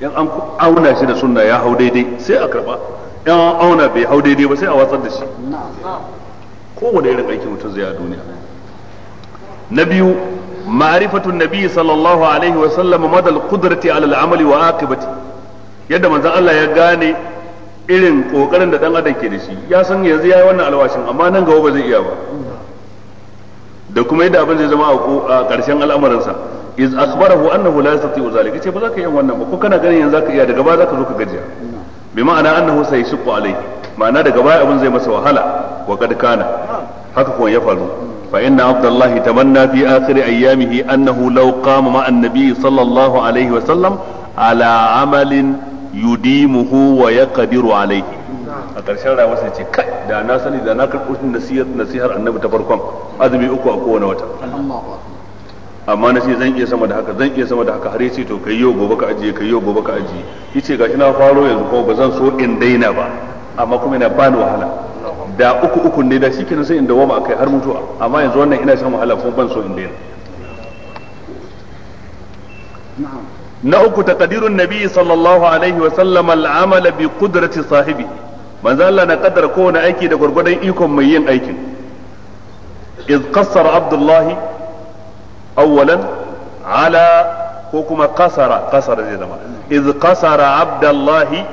yan an auna shi da sunna ya hau daidai sai a karba in an auna bai hau daidai ba sai a watsar da shi kowane irin aiki mutum zai a duniya na biyu ma'rifatun nabi sallallahu alaihi wa sallam madal qudrati ala al'amali wa aqibati yadda manzon Allah ya gane irin kokarin da dan adam ke da shi ya san yanzu yayi wannan alwashin amma nan gaba ba zai iya ba da kuma yadda abin zai zama a ƙarshen al'amarinsa iz akhbarahu annahu la yastati'u zalika ce ba za ka yi wannan ba ko kana ganin yanzu za ka iya daga ba za ka zo ka gajiya mai ma'ana annahu sayashqu alayhi ma'ana daga baya abin zai masa wahala wa kad kana haka kuma ya faru fa inna abdullahi tamanna fi akhir ayyamihi annahu law qama ma'a an-nabi sallallahu alayhi wa sallam ala amalin yudimuhu wa yaqdiru alayhi a ƙarshen rayuwa sai ce kai da na sani da na karɓi nasihar annabi ta farkon azumi uku a kowane wata amma na ce zan iya sama da haka zan iya sama da haka har yace to kai yau gobe ka ajiye kai yau gobe ka ajiye yace gashi na faro yanzu kuma ba zan so in daina ba amma kuma yana bani wahala da uku uku ne da shikenan sai in dawoma kai har mutuwa amma yanzu wannan ina shan wahala kuma ban so in daina na uku taqdirun nabi sallallahu alaihi wa sallam al'amala bi qudrati sahibi manzo Allah na kaddara kowane aiki da gurgurdan ikon mai yin aikin iz qassara abdullahi awwalan ala ko kuma kasara kasara zai zama iz kasara abdullahi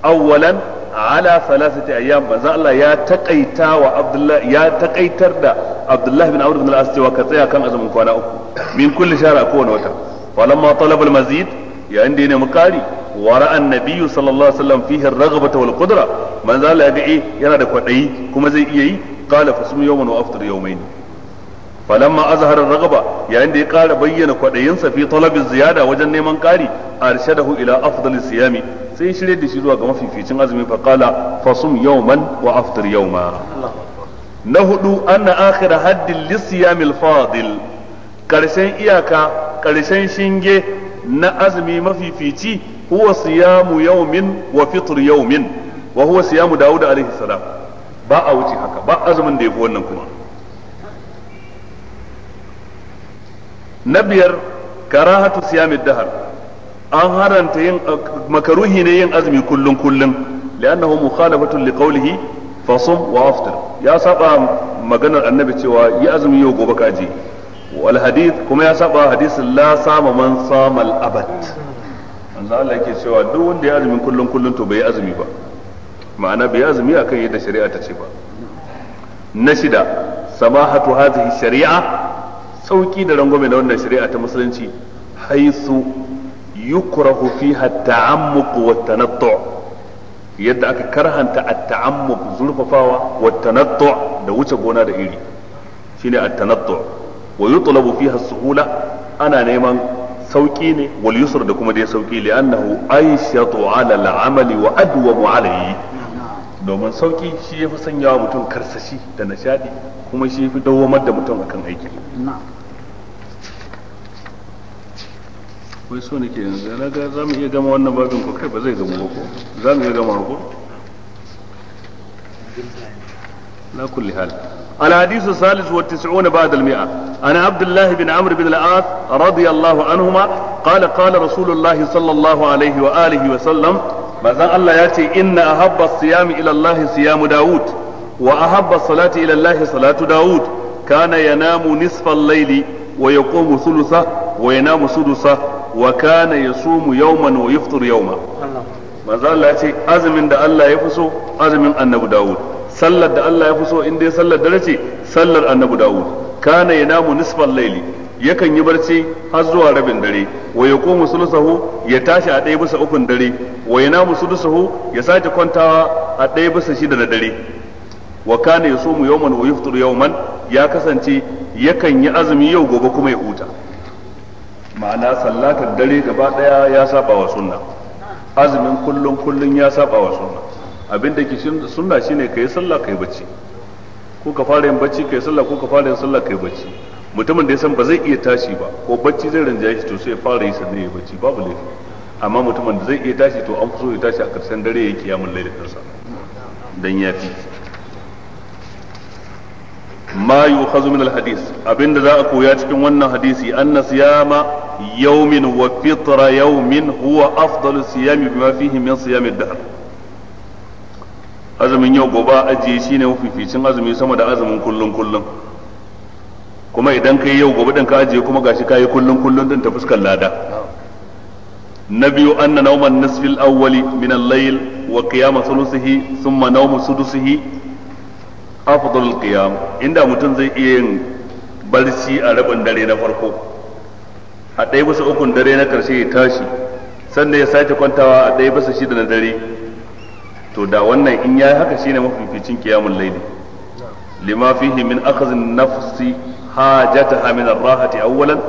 Awalan ala thalathati ayyam manzo Allah ya takaita wa abdullahi ya takaitar da abdullahi bin amr al-as cewa ka kan azumin kwana uku min kulle shara ko wani wata falamma talaba al-mazid yayin da ya nemi kari wa ra'a an-nabiyyu sallallahu alaihi wasallam fihi ar-raghbata wal qudra manzo Allah ya ga yana da kwadayi kuma zai iya yi qala fasum yawman wa falamma azhara ragaba yayin da ya ƙara bayyana kwaɗayinsa fi talabiz ziyada wajen neman ƙari arshadahu ila afdalis siyami sai shirye da shi zuwa ga mafificin azumi fa qala fasum yawman wa aftir yawma na hudu anna akhira haddin lisiyamil fadil karshen iyaka karshen shinge na azumi mafifici huwa siyamu yawmin wa fitr yawmin wa huwa siyamu dawud alaihi salam ba a wuce haka ba azumin da yafi wannan kuma na biyar karahatu siyamid dahar an haranta yin uh, makaruhi ne yin azumi kullun kullun li'annahu mukhalafatun liqawlihi fasum wa aftar ya saba maganar annabi cewa yi azumi yau gobe kaji wal hadith kuma ya saba hadisin la sama man sama al abad manzo Allah yake cewa duk wanda ya azumi kullun kullun to bai azumi ba ma'ana bai azumi akan yadda shari'a ta ce ba na shida samahatu hadhihi shari'a sauki da rangwame na wannan shari'a ta musulunci haisu yukrahu fiha taammuq wa tanattu yadda aka karhanta at-ta'ammuq zurfafawa wa tanattu da wuce gona da iri shine at-tanattu wa yutlabu fiha suhula ana neman sauki ne wal yusr da kuma dai sauki li annahu aishatu ala al-amali wa adwamu alayhi domin sauki shi yafi sanyawa mutum karsashi da nishadi kuma shi yafi dawamar da mutum akan aiki. na'am wai so nake yanzu na ga za mu iya gama wannan babin ko kai ba zai gama ko za mu iya gama ko la kulli hal al hadith wa 90 ba'd mi'a ana abdullah bin amr bin al as radiyallahu anhuma qala qala rasulullah sallallahu wa alihi wa sallam bazan allah ya ce inna ahabba as-siyam ila allah daud wa ahabba as-salati ila allah salatu daud kana yanamu nisfa al-layli wa yaqumu thulutha wa yanamu thulutha wa kana yasumu yawman wa yufṭir yawma manzo Allah ya ce azumin da Allah ya fi so azumin annabi Dawud sallar da Allah ya fi so in dai sallar da ce sallar annabi Dawud kana yanamu nisfal layli yakan yi barci har zuwa rabin dare wa ya komu sulusahu ya tashi a ɗaya bisa ukun dare wa ya namu sulusahu ya sake kwantawa a ɗaya bisa shida da dare wa kana yasumu yawman wa yufṭir yawman ya kasance yakan yi azumi yau gobe kuma ya huta ma'ana sallatar dare gaba daya ya saba wa sunna azumin kullun kullun ya saba wa sunna abin da ke sunna shine kai sallah kai bacci ko ka fara yin bacci kai sallah ko ka fara yin sallah kai bacci mutumin da ya san ba zai iya tashi ba ko bacci zai rinjaye shi to sai ya fara yi sannan ya bacci babu laifi amma mutumin da zai iya tashi to an fi so ya tashi a ƙarshen dare ya kiyamun lailatin sa dan ya fi Mayu, yu'khadhu al-hadith abinda za a koya cikin wannan hadisi anna siyama yawmin wa fitra yawmin huwa afdalu siyami bima fihi min azumin yau gobe ajiye shine mafificin azumi sama da azumin kullun kullun kuma idan kai yau gobe din ka ajiye kuma gashi kai kullun kullun din ta fuskar lada na biyu anna nawman nisfil awwali min al wa qiyam thuluthihi afdal qiyam inda mutum zai iya yin barci a rabin dare na farko a ɗaya bisa ukun dare na karshe ya tashi sannan ya sake kwantawa a ɗaya bisa shida na dare to da wannan in ya haka shine mafificin qiyamul layli lima fihi min akhdh an-nafsi hajataha min ar-rahati awwalan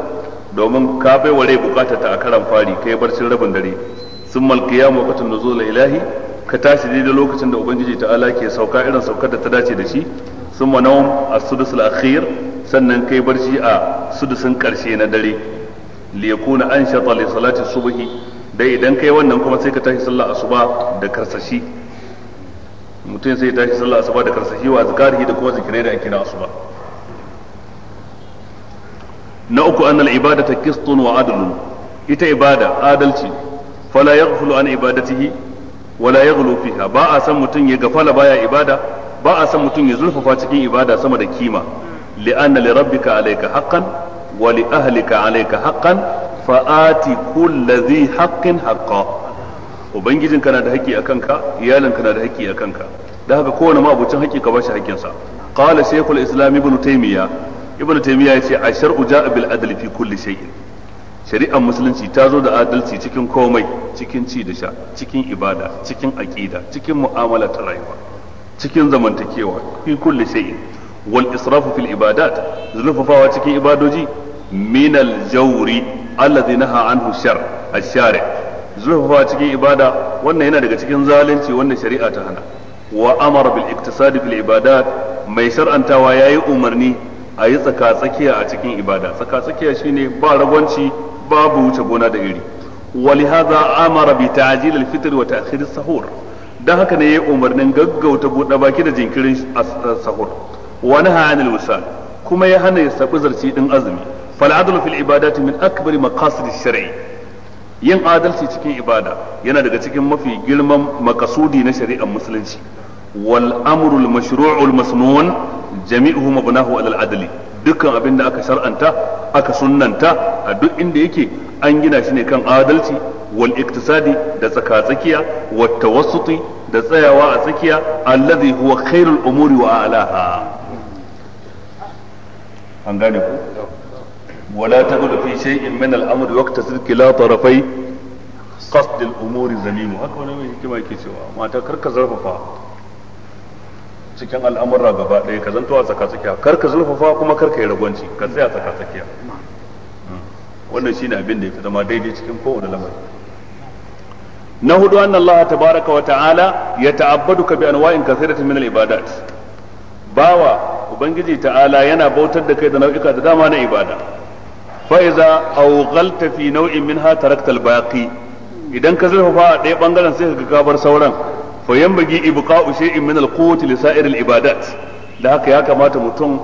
domin ka bai ware bukata ta a karan fari kai barcin rabin dare summa al-qiyam waqtun nuzul ilahi ka tashi daidai lokacin da ubangiji ta'ala ke sauka irin saukar da ta dace da shi sun manawam a sudusul akhir sannan kai barci a sudusun karshe na dare na an shata li salati subhi dai idan kai wannan kuma sai ka tashi sallar asuba da karsashi mutum sai ya tashi sallar asuba da karsashi wa zakarihi da kuma zikirai da ake na asuba na uku annal ibadata qistun wa adalun ita ibada adalci fala yaghfulu an ibadatihi wala yaghlu fiha ba a san mutum ya gafala baya ibada ba a san mutum ya zurfafa cikin ibada sama da kima li'anna li rabbika alayka haqqan wa li ahlika alayka haqqan fa'ati kulli dhi haqqin haqqa ubangijin kana da haƙƙi akan ka iyalin kana da haƙƙi akan ka da haka kowane ma abucin haƙƙi ka bashi haƙƙin sa qala shaykhul islam ibnu taymiya ibnu taymiya yace ashar uja'a bil adli fi kulli shay'in shari'ar musulunci ta zo da adalci cikin komai cikin ci da sha cikin ibada cikin aqida cikin mu'amala ta rayuwa cikin zamantakewa fi kulli shay'in wal israfu fil ibadat zulfafawa cikin ibadoji min al jawri alladhi naha anhu shar al shari zulfafawa cikin ibada wannan yana daga cikin zalunci wanda shari'a ta hana wa amara bil iktisad fil ibadat mai shar'antawa yayi umarni a yi tsaka-tsakiya a cikin ibada tsaka-tsakiya shine ba ragwanci babu wuce gona da iri za ولهذا امر بتعجيل الفطر وتاخير sahur dan haka ne ya yi umarnin gaggauta buɗe baki da jinkirin sahur wa naha anil wisal kuma ya hana ya sabu zarci din azumi fal adl fil ibadati min akbar maqasid shar'i yin adalci cikin ibada yana daga cikin mafi girman makasudi na shari'ar musulunci wal amrul mashru'ul masnun jami'uhu mabnahu alal dukkan abin da aka shar'anta aka sunnanta a duk inda yake an gina shi ne kan adalci wal iktisadi da tsaka tsakiya wat tawassuti da tsayawa a tsakiya allazi huwa khairul umuri wa alaha an gane ku ولا تقل في شيء من sirki واقتصد كلا طرفي قصد الامور ذميم هكذا ne mai hikima yake cewa mata karka zarfafa cikin al'amura gaba ɗaya ka zanto a tsakatsakiya kar ka zulfafa kuma kar ka yi ragwanci ka tsaya a tsakatsakiya hmm. wannan shine abin da ya fi zama daidai cikin kowane lamari na hudu an Allah tabaraka wa ta'ala ya ta'abbadu ka bi anwa'in kathiratin min al-ibadat bawa ubangiji ta'ala yana bautar da kai da nau'ika da dama na ibada fa iza awghalta fi naw'in minha tarakta al-baqi idan ka zulfafa a ɗaya bangaren sai ka gabar sauran fa yanbaghi ibqa'u shay'in min al-qut li ibadat da haka ya kamata mutum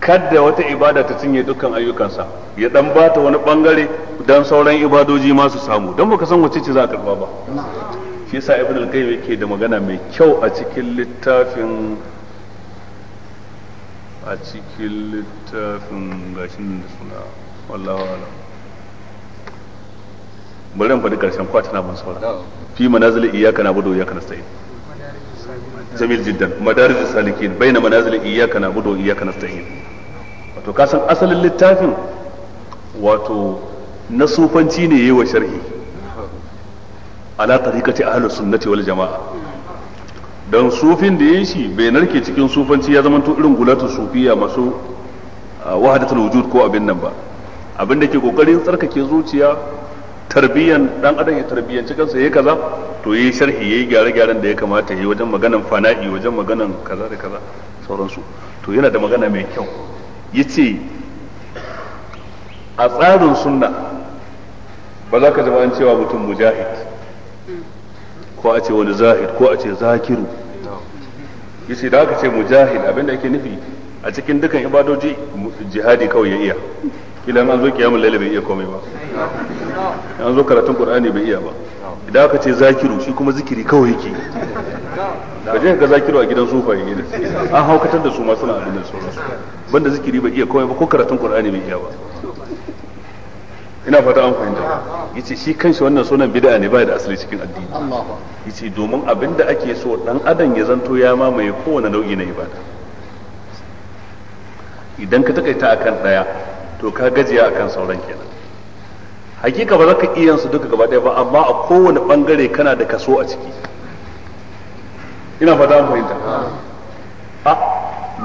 kadda wata ibada ta cinye dukkan ayyukansa ya dan bata wani bangare dan sauran ibadoji ma su samu dan baka san wace ce za ka karba ba shi yasa ibn al-qayyim yake da magana mai kyau a cikin littafin a cikin littafin gashin da suna wallahi bari in faɗi karshen kwatana ban saura fi manazil iyyaka na'budu wa iyyaka nasta'in jamil jiddan madarij salikin baina manazil iyyaka na'budu wa iyyaka nasta'in wato kasan asalin littafin wato na sufanci ne yayi wa sharhi ala tariqati ahlus sunnati wal jama'a don sufin da yayi shi bai narke cikin sufanci ya zamanto irin gulatu sufiya masu ah, wahadatul wujud ko abin nan ba abin da ke kokarin tsarkake zuciya Tarbiyan, dan adam ya tarbiyyanci kansa yayi kaza to yayi sharhi yayi gyare-gyaren da ya kamata yayi wajen maganan fana'i wajen maganan kaza da kaza sauransu to yana da magana mai kyau yace a tsarin sunna ba za ka zama an cewa mutum mujahid ko a ce wani zahid ko a ce zakiru yace da aka ce mujahid abinda yake nufi a cikin dukan ibadoji jihadi kawai ya iya kila an zo kiyamul laili bai iya komai ba an zo karatun qur'ani bai iya ba idan aka ce zakiru shi kuma zikiri kawai yake ka je ka zakiru a gidan sufaye ne an haukatar da su ma suna abin da su banda zikiri bai iya komai ba ko karatun qur'ani bai iya ba ina fata an fahimta yace shi kanshi wannan sunan bid'a ne bai da asali cikin addini yace domin abin da ake so dan adam ya zanto ya mamaye kowane nau'i na ibada idan ka takaita akan daya to ka gajiya akan sauran kenan hakika ba za ka iya su duka gaba ɗaya ba amma a kowane bangare kana da kaso a ciki ina fata an fahimta a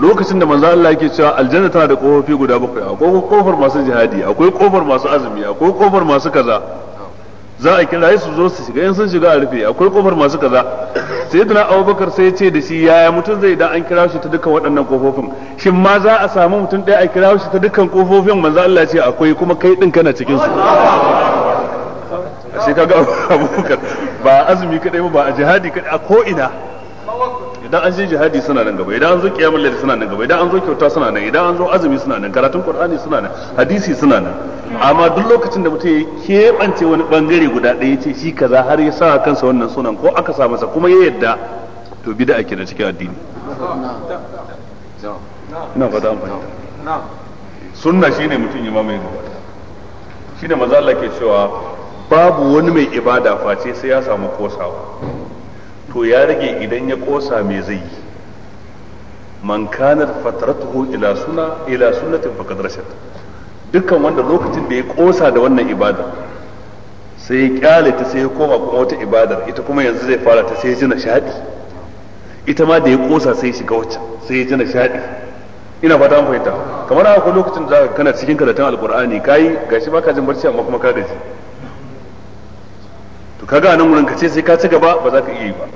lokacin da manzo Allah yake cewa aljanna tana da kofofi guda bakwai akwai kofar masu jihadi akwai kofar masu azumi akwai kofar masu kaza za a kira su zo su shiga in sun shiga a rufe akwai kofar masu kaza sai tana abubakar sai ce da shi yaya mutum zai idan an kira shi ta dukkan waɗannan kofofin shin ma za a samu mutum ɗaya a kira shi ta dukkan kofofin manzo Allah ce akwai kuma kai din kana cikin su a shi kaga abubakar ba azumi kadai ba ba a jihadi kadai a ko ina idan an je jihadi suna nan gaba idan an zo kiyamul layl suna nan gaba idan an zo kyauta suna nan idan an zo azumi suna nan karatun qur'ani suna nan hadisi suna nan amma duk lokacin da mutum ya keɓance wani bangare guda ɗaya ya ce shi kaza har ya sa kansa wannan sunan ko aka sa masa kuma ya yadda to bid'a da cikin addini ina fata an fahimta sunna shine mutum ya mamaye gaba shine manzo Allah ke cewa babu wani mai ibada face sai ya samu kosawa to ya rage idan ya kosa me zai yi man kanar fatratuhu ila suna ila sunnatin faqad rashad dukkan wanda lokacin da ya kosa da wannan ibada sai ya kyale ta sai ya koma kuma wata ibadar ita kuma yanzu zai fara ta sai ya ji nishadi ita ma da ya kosa sai ya shiga wacce sai ya ji nishadi ina fata an fahimta kamar haka lokacin da kana cikin karatun alqur'ani kai gashi baka jin barci amma kuma ka gaji to kaga nan wurin ka ce sai ka ci gaba ba za ka iya yi ba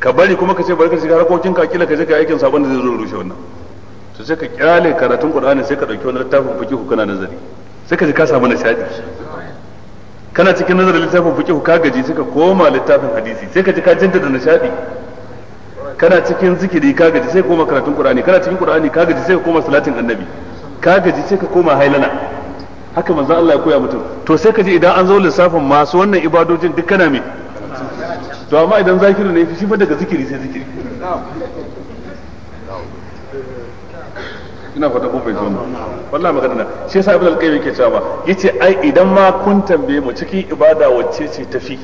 ka bari kuma ka ce bari ka shiga harkokin ka kila ka je ka aikin sabon da zai zo rushe wannan to sai ka kyale karatun qur'ani sai ka dauki wani littafin fiqh kana nazari sai ka ji ka samu nishadi kana cikin nazarin littafin fiqh ka gaji sai ka koma littafin hadisi sai ka ji ka jinta da nishadi kana cikin zikiri ka gaji sai ka koma karatun qur'ani kana cikin qur'ani ka gaji sai ka koma salatin annabi ka gaji sai ka koma hailana haka manzo Allah ya koya mutum to sai ka ji idan an zo lissafin masu wannan ibadojin duk kana me to amma idan zakiru ne shi fa daga zikiri sai zikiri ina fata mun bai zuwa wallahi magana shi yasa ibnu al-qayyim yake cewa ba yace ai idan ma kun tambaye mu cikin ibada wacce ce tafi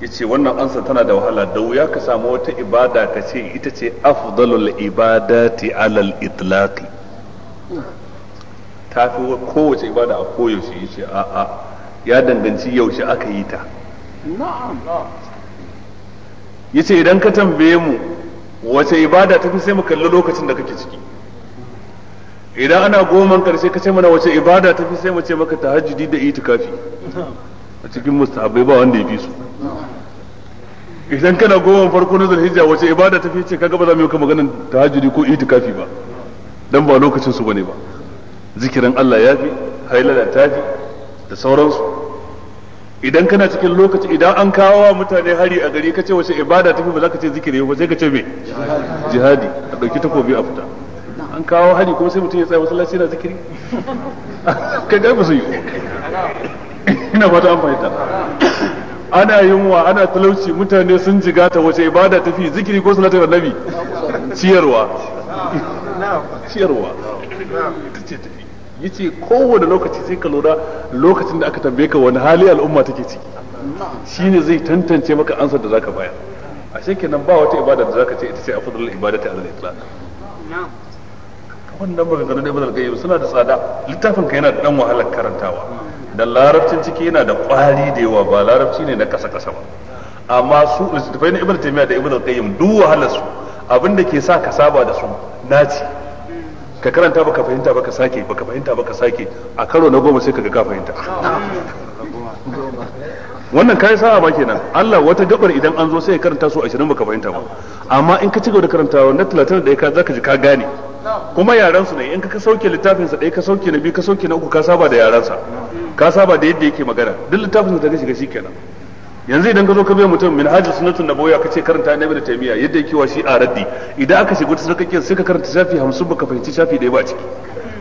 yace wannan ansa tana da wahala da wuya ka samu wata ibada ka ce ita ce afdalul ibadati alal itlaqi ta fi kowace ibada a koyaushe yace a a ya danganci yaushe aka yi ta na'am yace idan ka tambaye mu wace ibada tafi sai mu kalli lokacin da kake ciki idan ana goman karshe ka ce mana wace ibada tafi sai mu ce maka tahajjudi da itikafi a cikin mustahabai ba wanda ya fi su idan kana goman farko na zulhijja wace ibada tafi ce kaga ba za mu yi magana tahajjudi ko itikafi ba dan ba lokacin su bane ba zikirin Allah ya fi hailala ta fi da sauransu idan kana cikin lokaci idan an kawo wa mutane hari a gari kace wace ibada tafi ba za ka ce zikiri ba sai ka ce me jihadi a dauki takobi a fita an kawo hari kuma sai mutum ya tsaya masallaci yana zikiri ka ga su yi ina fata an fahimta ana yunwa ana talauci mutane sun jigata wace ibada tafi zikiri ko salatin annabi ciyarwa ciyarwa ita yace kowane lokaci sai ka lura lokacin da aka tambaye ka wani hali al'umma take ciki ne zai tantance maka ansar da zaka bayar shekin nan ba wata ibada da zaka ce ita ce afdalul ibadati ala al-itlaq wannan maganganun da ibadar al suna da tsada littafin ka yana da dan wahalar karantawa da larabcin ciki yana da kwari da yawa ba larabci ne na kasa kasa ba amma su littafai na ibn da ibadar al duk wahalar su abinda ke sa ka saba da su naci ka karanta baka fahimta baka sake baka fahimta baka sake a karo na goma sai ka ka fahimta wannan kai sa'a ba kenan Allah wata gabar idan an zo sai ya karanta su 20 baka fahimta ba amma in ka cigaba da karantawa na 31 ka zaka ji ka gane kuma yaran su ne in ka sauke littafin sa ɗaya ka sauke na biyu ka sauke na uku ka saba da yaran sa ka saba da yadda yake magana duk littafin sa ta ga shiga shikenan yanzu idan ka zo ka biya mutum min hajji nabawiya ka ce karanta na da taimiya yadda yake wa a raddi idan aka shiga ta kake sai ka karanta shafi hamsin baka fahimci shafi da ba a ciki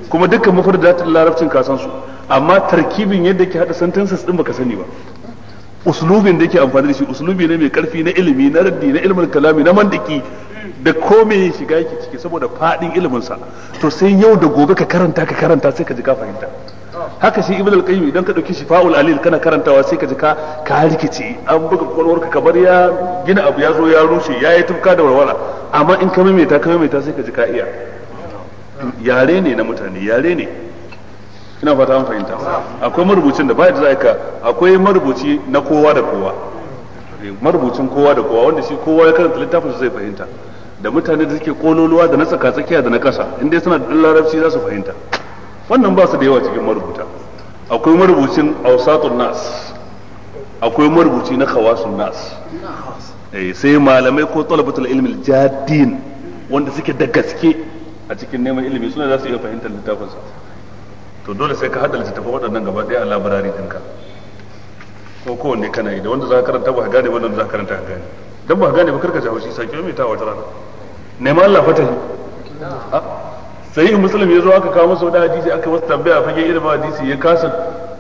kuma dukkan mafradatul larabcin ka san su amma tarkibin yadda yake hada sentences din baka sani ba uslubin da yake amfani da shi uslubi ne mai karfi na ilimi na raddi na ilimin kalami na mandiki da kome ya shiga yake ciki saboda fadin ilimin sa to sai yau da gobe ka karanta ka karanta sai ka ji ka fahimta haka shi ibn al-qayyim idan ka dauki shifa'ul alil kana karantawa sai ka ji ka ka rikice an buga ka kamar ya gina abu ya zo ya rushe ya yi tufka da warwara amma in ka maimaita ka maimaita sai ka ji ka iya yare ne na mutane yare ne ina fata an fahimta akwai marubucin da ba da za ka akwai marubuci na kowa da kowa marubucin kowa da kowa wanda shi kowa ya karanta littafin zai fahimta da mutane da suke kololuwa da na tsaka tsakiya da na kasa inda suna da larabci za su fahimta wannan ba su da yawa cikin marubuta akwai marubucin ausatun nas akwai marubuci na khawasun nas eh, sai malamai ko talabatul ilmi jadin wanda suke da gaske a cikin neman ilimi suna za su iya fahimtar littafin sa to dole sai ka hada littafin waɗannan gaba ɗaya a labarari dinka ko kowanne kana yi da wanda za ka karanta ba gane wannan za ka karanta gane dan ba gane ba karka jawo shi sake mai ta wata rana neman Allah fatahi ah. sahih musulmi ya zo aka kawo masa wani hadisi aka masa tambaya fage ba hadisi ya kasa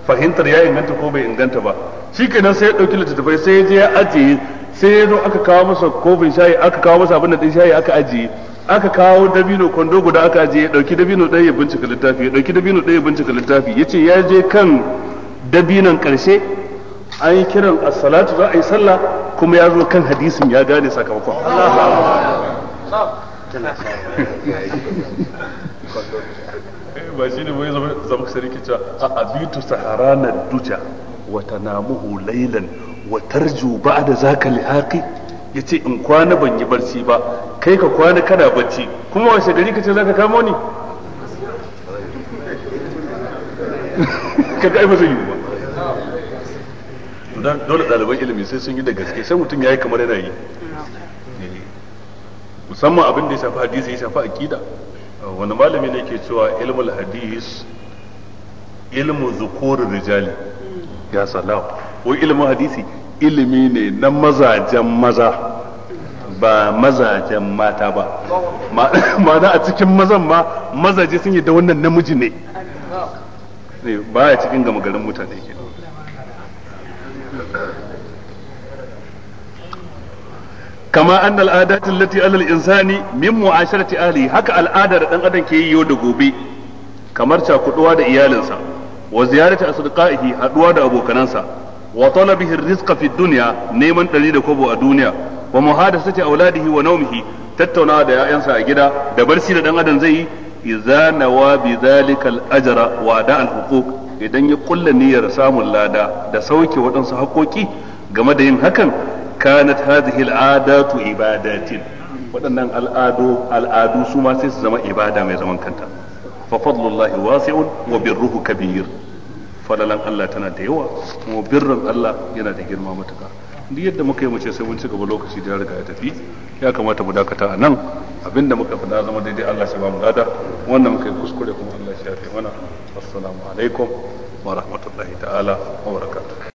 fahimtar ya inganta ko bai inganta ba shikenan sai ya dauki littattafai sai ya je ya ajiye sai ya zo aka kawo masa kofin shayi aka kawo masa abin da din shayi aka ajiye aka kawo dabino kwando guda aka ajiye ya dauki dabino ɗaya ya bincika littafi ya dauki dabino ɗaya ya bincika littafi ya ce ya je kan dabinon ƙarshe an yi kiran asalatu za a yi sallah kuma ya zo kan hadisin ya gane sakamakon tana ba shi ne mai zama sarki cewa a abitu sahara na duja ta namuhu lailan watar juba da zaka lihaki ya ce in kwana ban yi barci ba kai ka kwana kana barci kuma wasu gari ka ce za ka kamo ni ka ga ba zai yi ba dole ɗaliban ilimi sai sun yi da gaske sai mutum ya yi kamar yana yi musamman abin da ya shafi hadisi ya shafi aqida wani malami ne ke cewa ilmul hadis ilmu zukurin rijali ya salam ko ilmin hadisi ilimi ne na mazajen maza ba mazajen mata ba ma'ana a cikin mazan ma mazaje sun yi da wannan namiji ne ba ya cikin gama garin mutane kenan kama anna al'adati allati ala al-insani min mu'asharati ahli haka al'ada da dan adam ke yi yau da gobe kamar cakuduwa da iyalinsa wa ziyarati asdiqaihi haduwa da abokanansa wa talabihi ar-rizqa fi dunya neman ɗari da kobo a duniya wa muhadathati auladihi wa nawmihi tattaunawa da 'ya'yansa a gida da barsi da dan adam zai yi idza nawa bi zalika al wa da al idan ya kulla niyyar samun lada da sauke waɗansu haƙoƙi game da yin hakan kanat hadhihi al'adatu ibadatin waɗannan al'adu al'adu su ma sai su zama ibada mai zaman kanta fa fadlullahi wasi'un wa birruhu kabir fadalan Allah tana da yawa kuma birrin Allah yana da girma matuka duk yadda muka yi mace sai mun ci gaba lokaci da ya riga ya tafi ya kamata mu dakata a nan abinda muka faɗa zama daidai Allah shi ba mu lada wannan muka yi kuskure kuma Allah shi ya fi mana assalamu alaikum wa rahmatullahi ta'ala wa barakatuh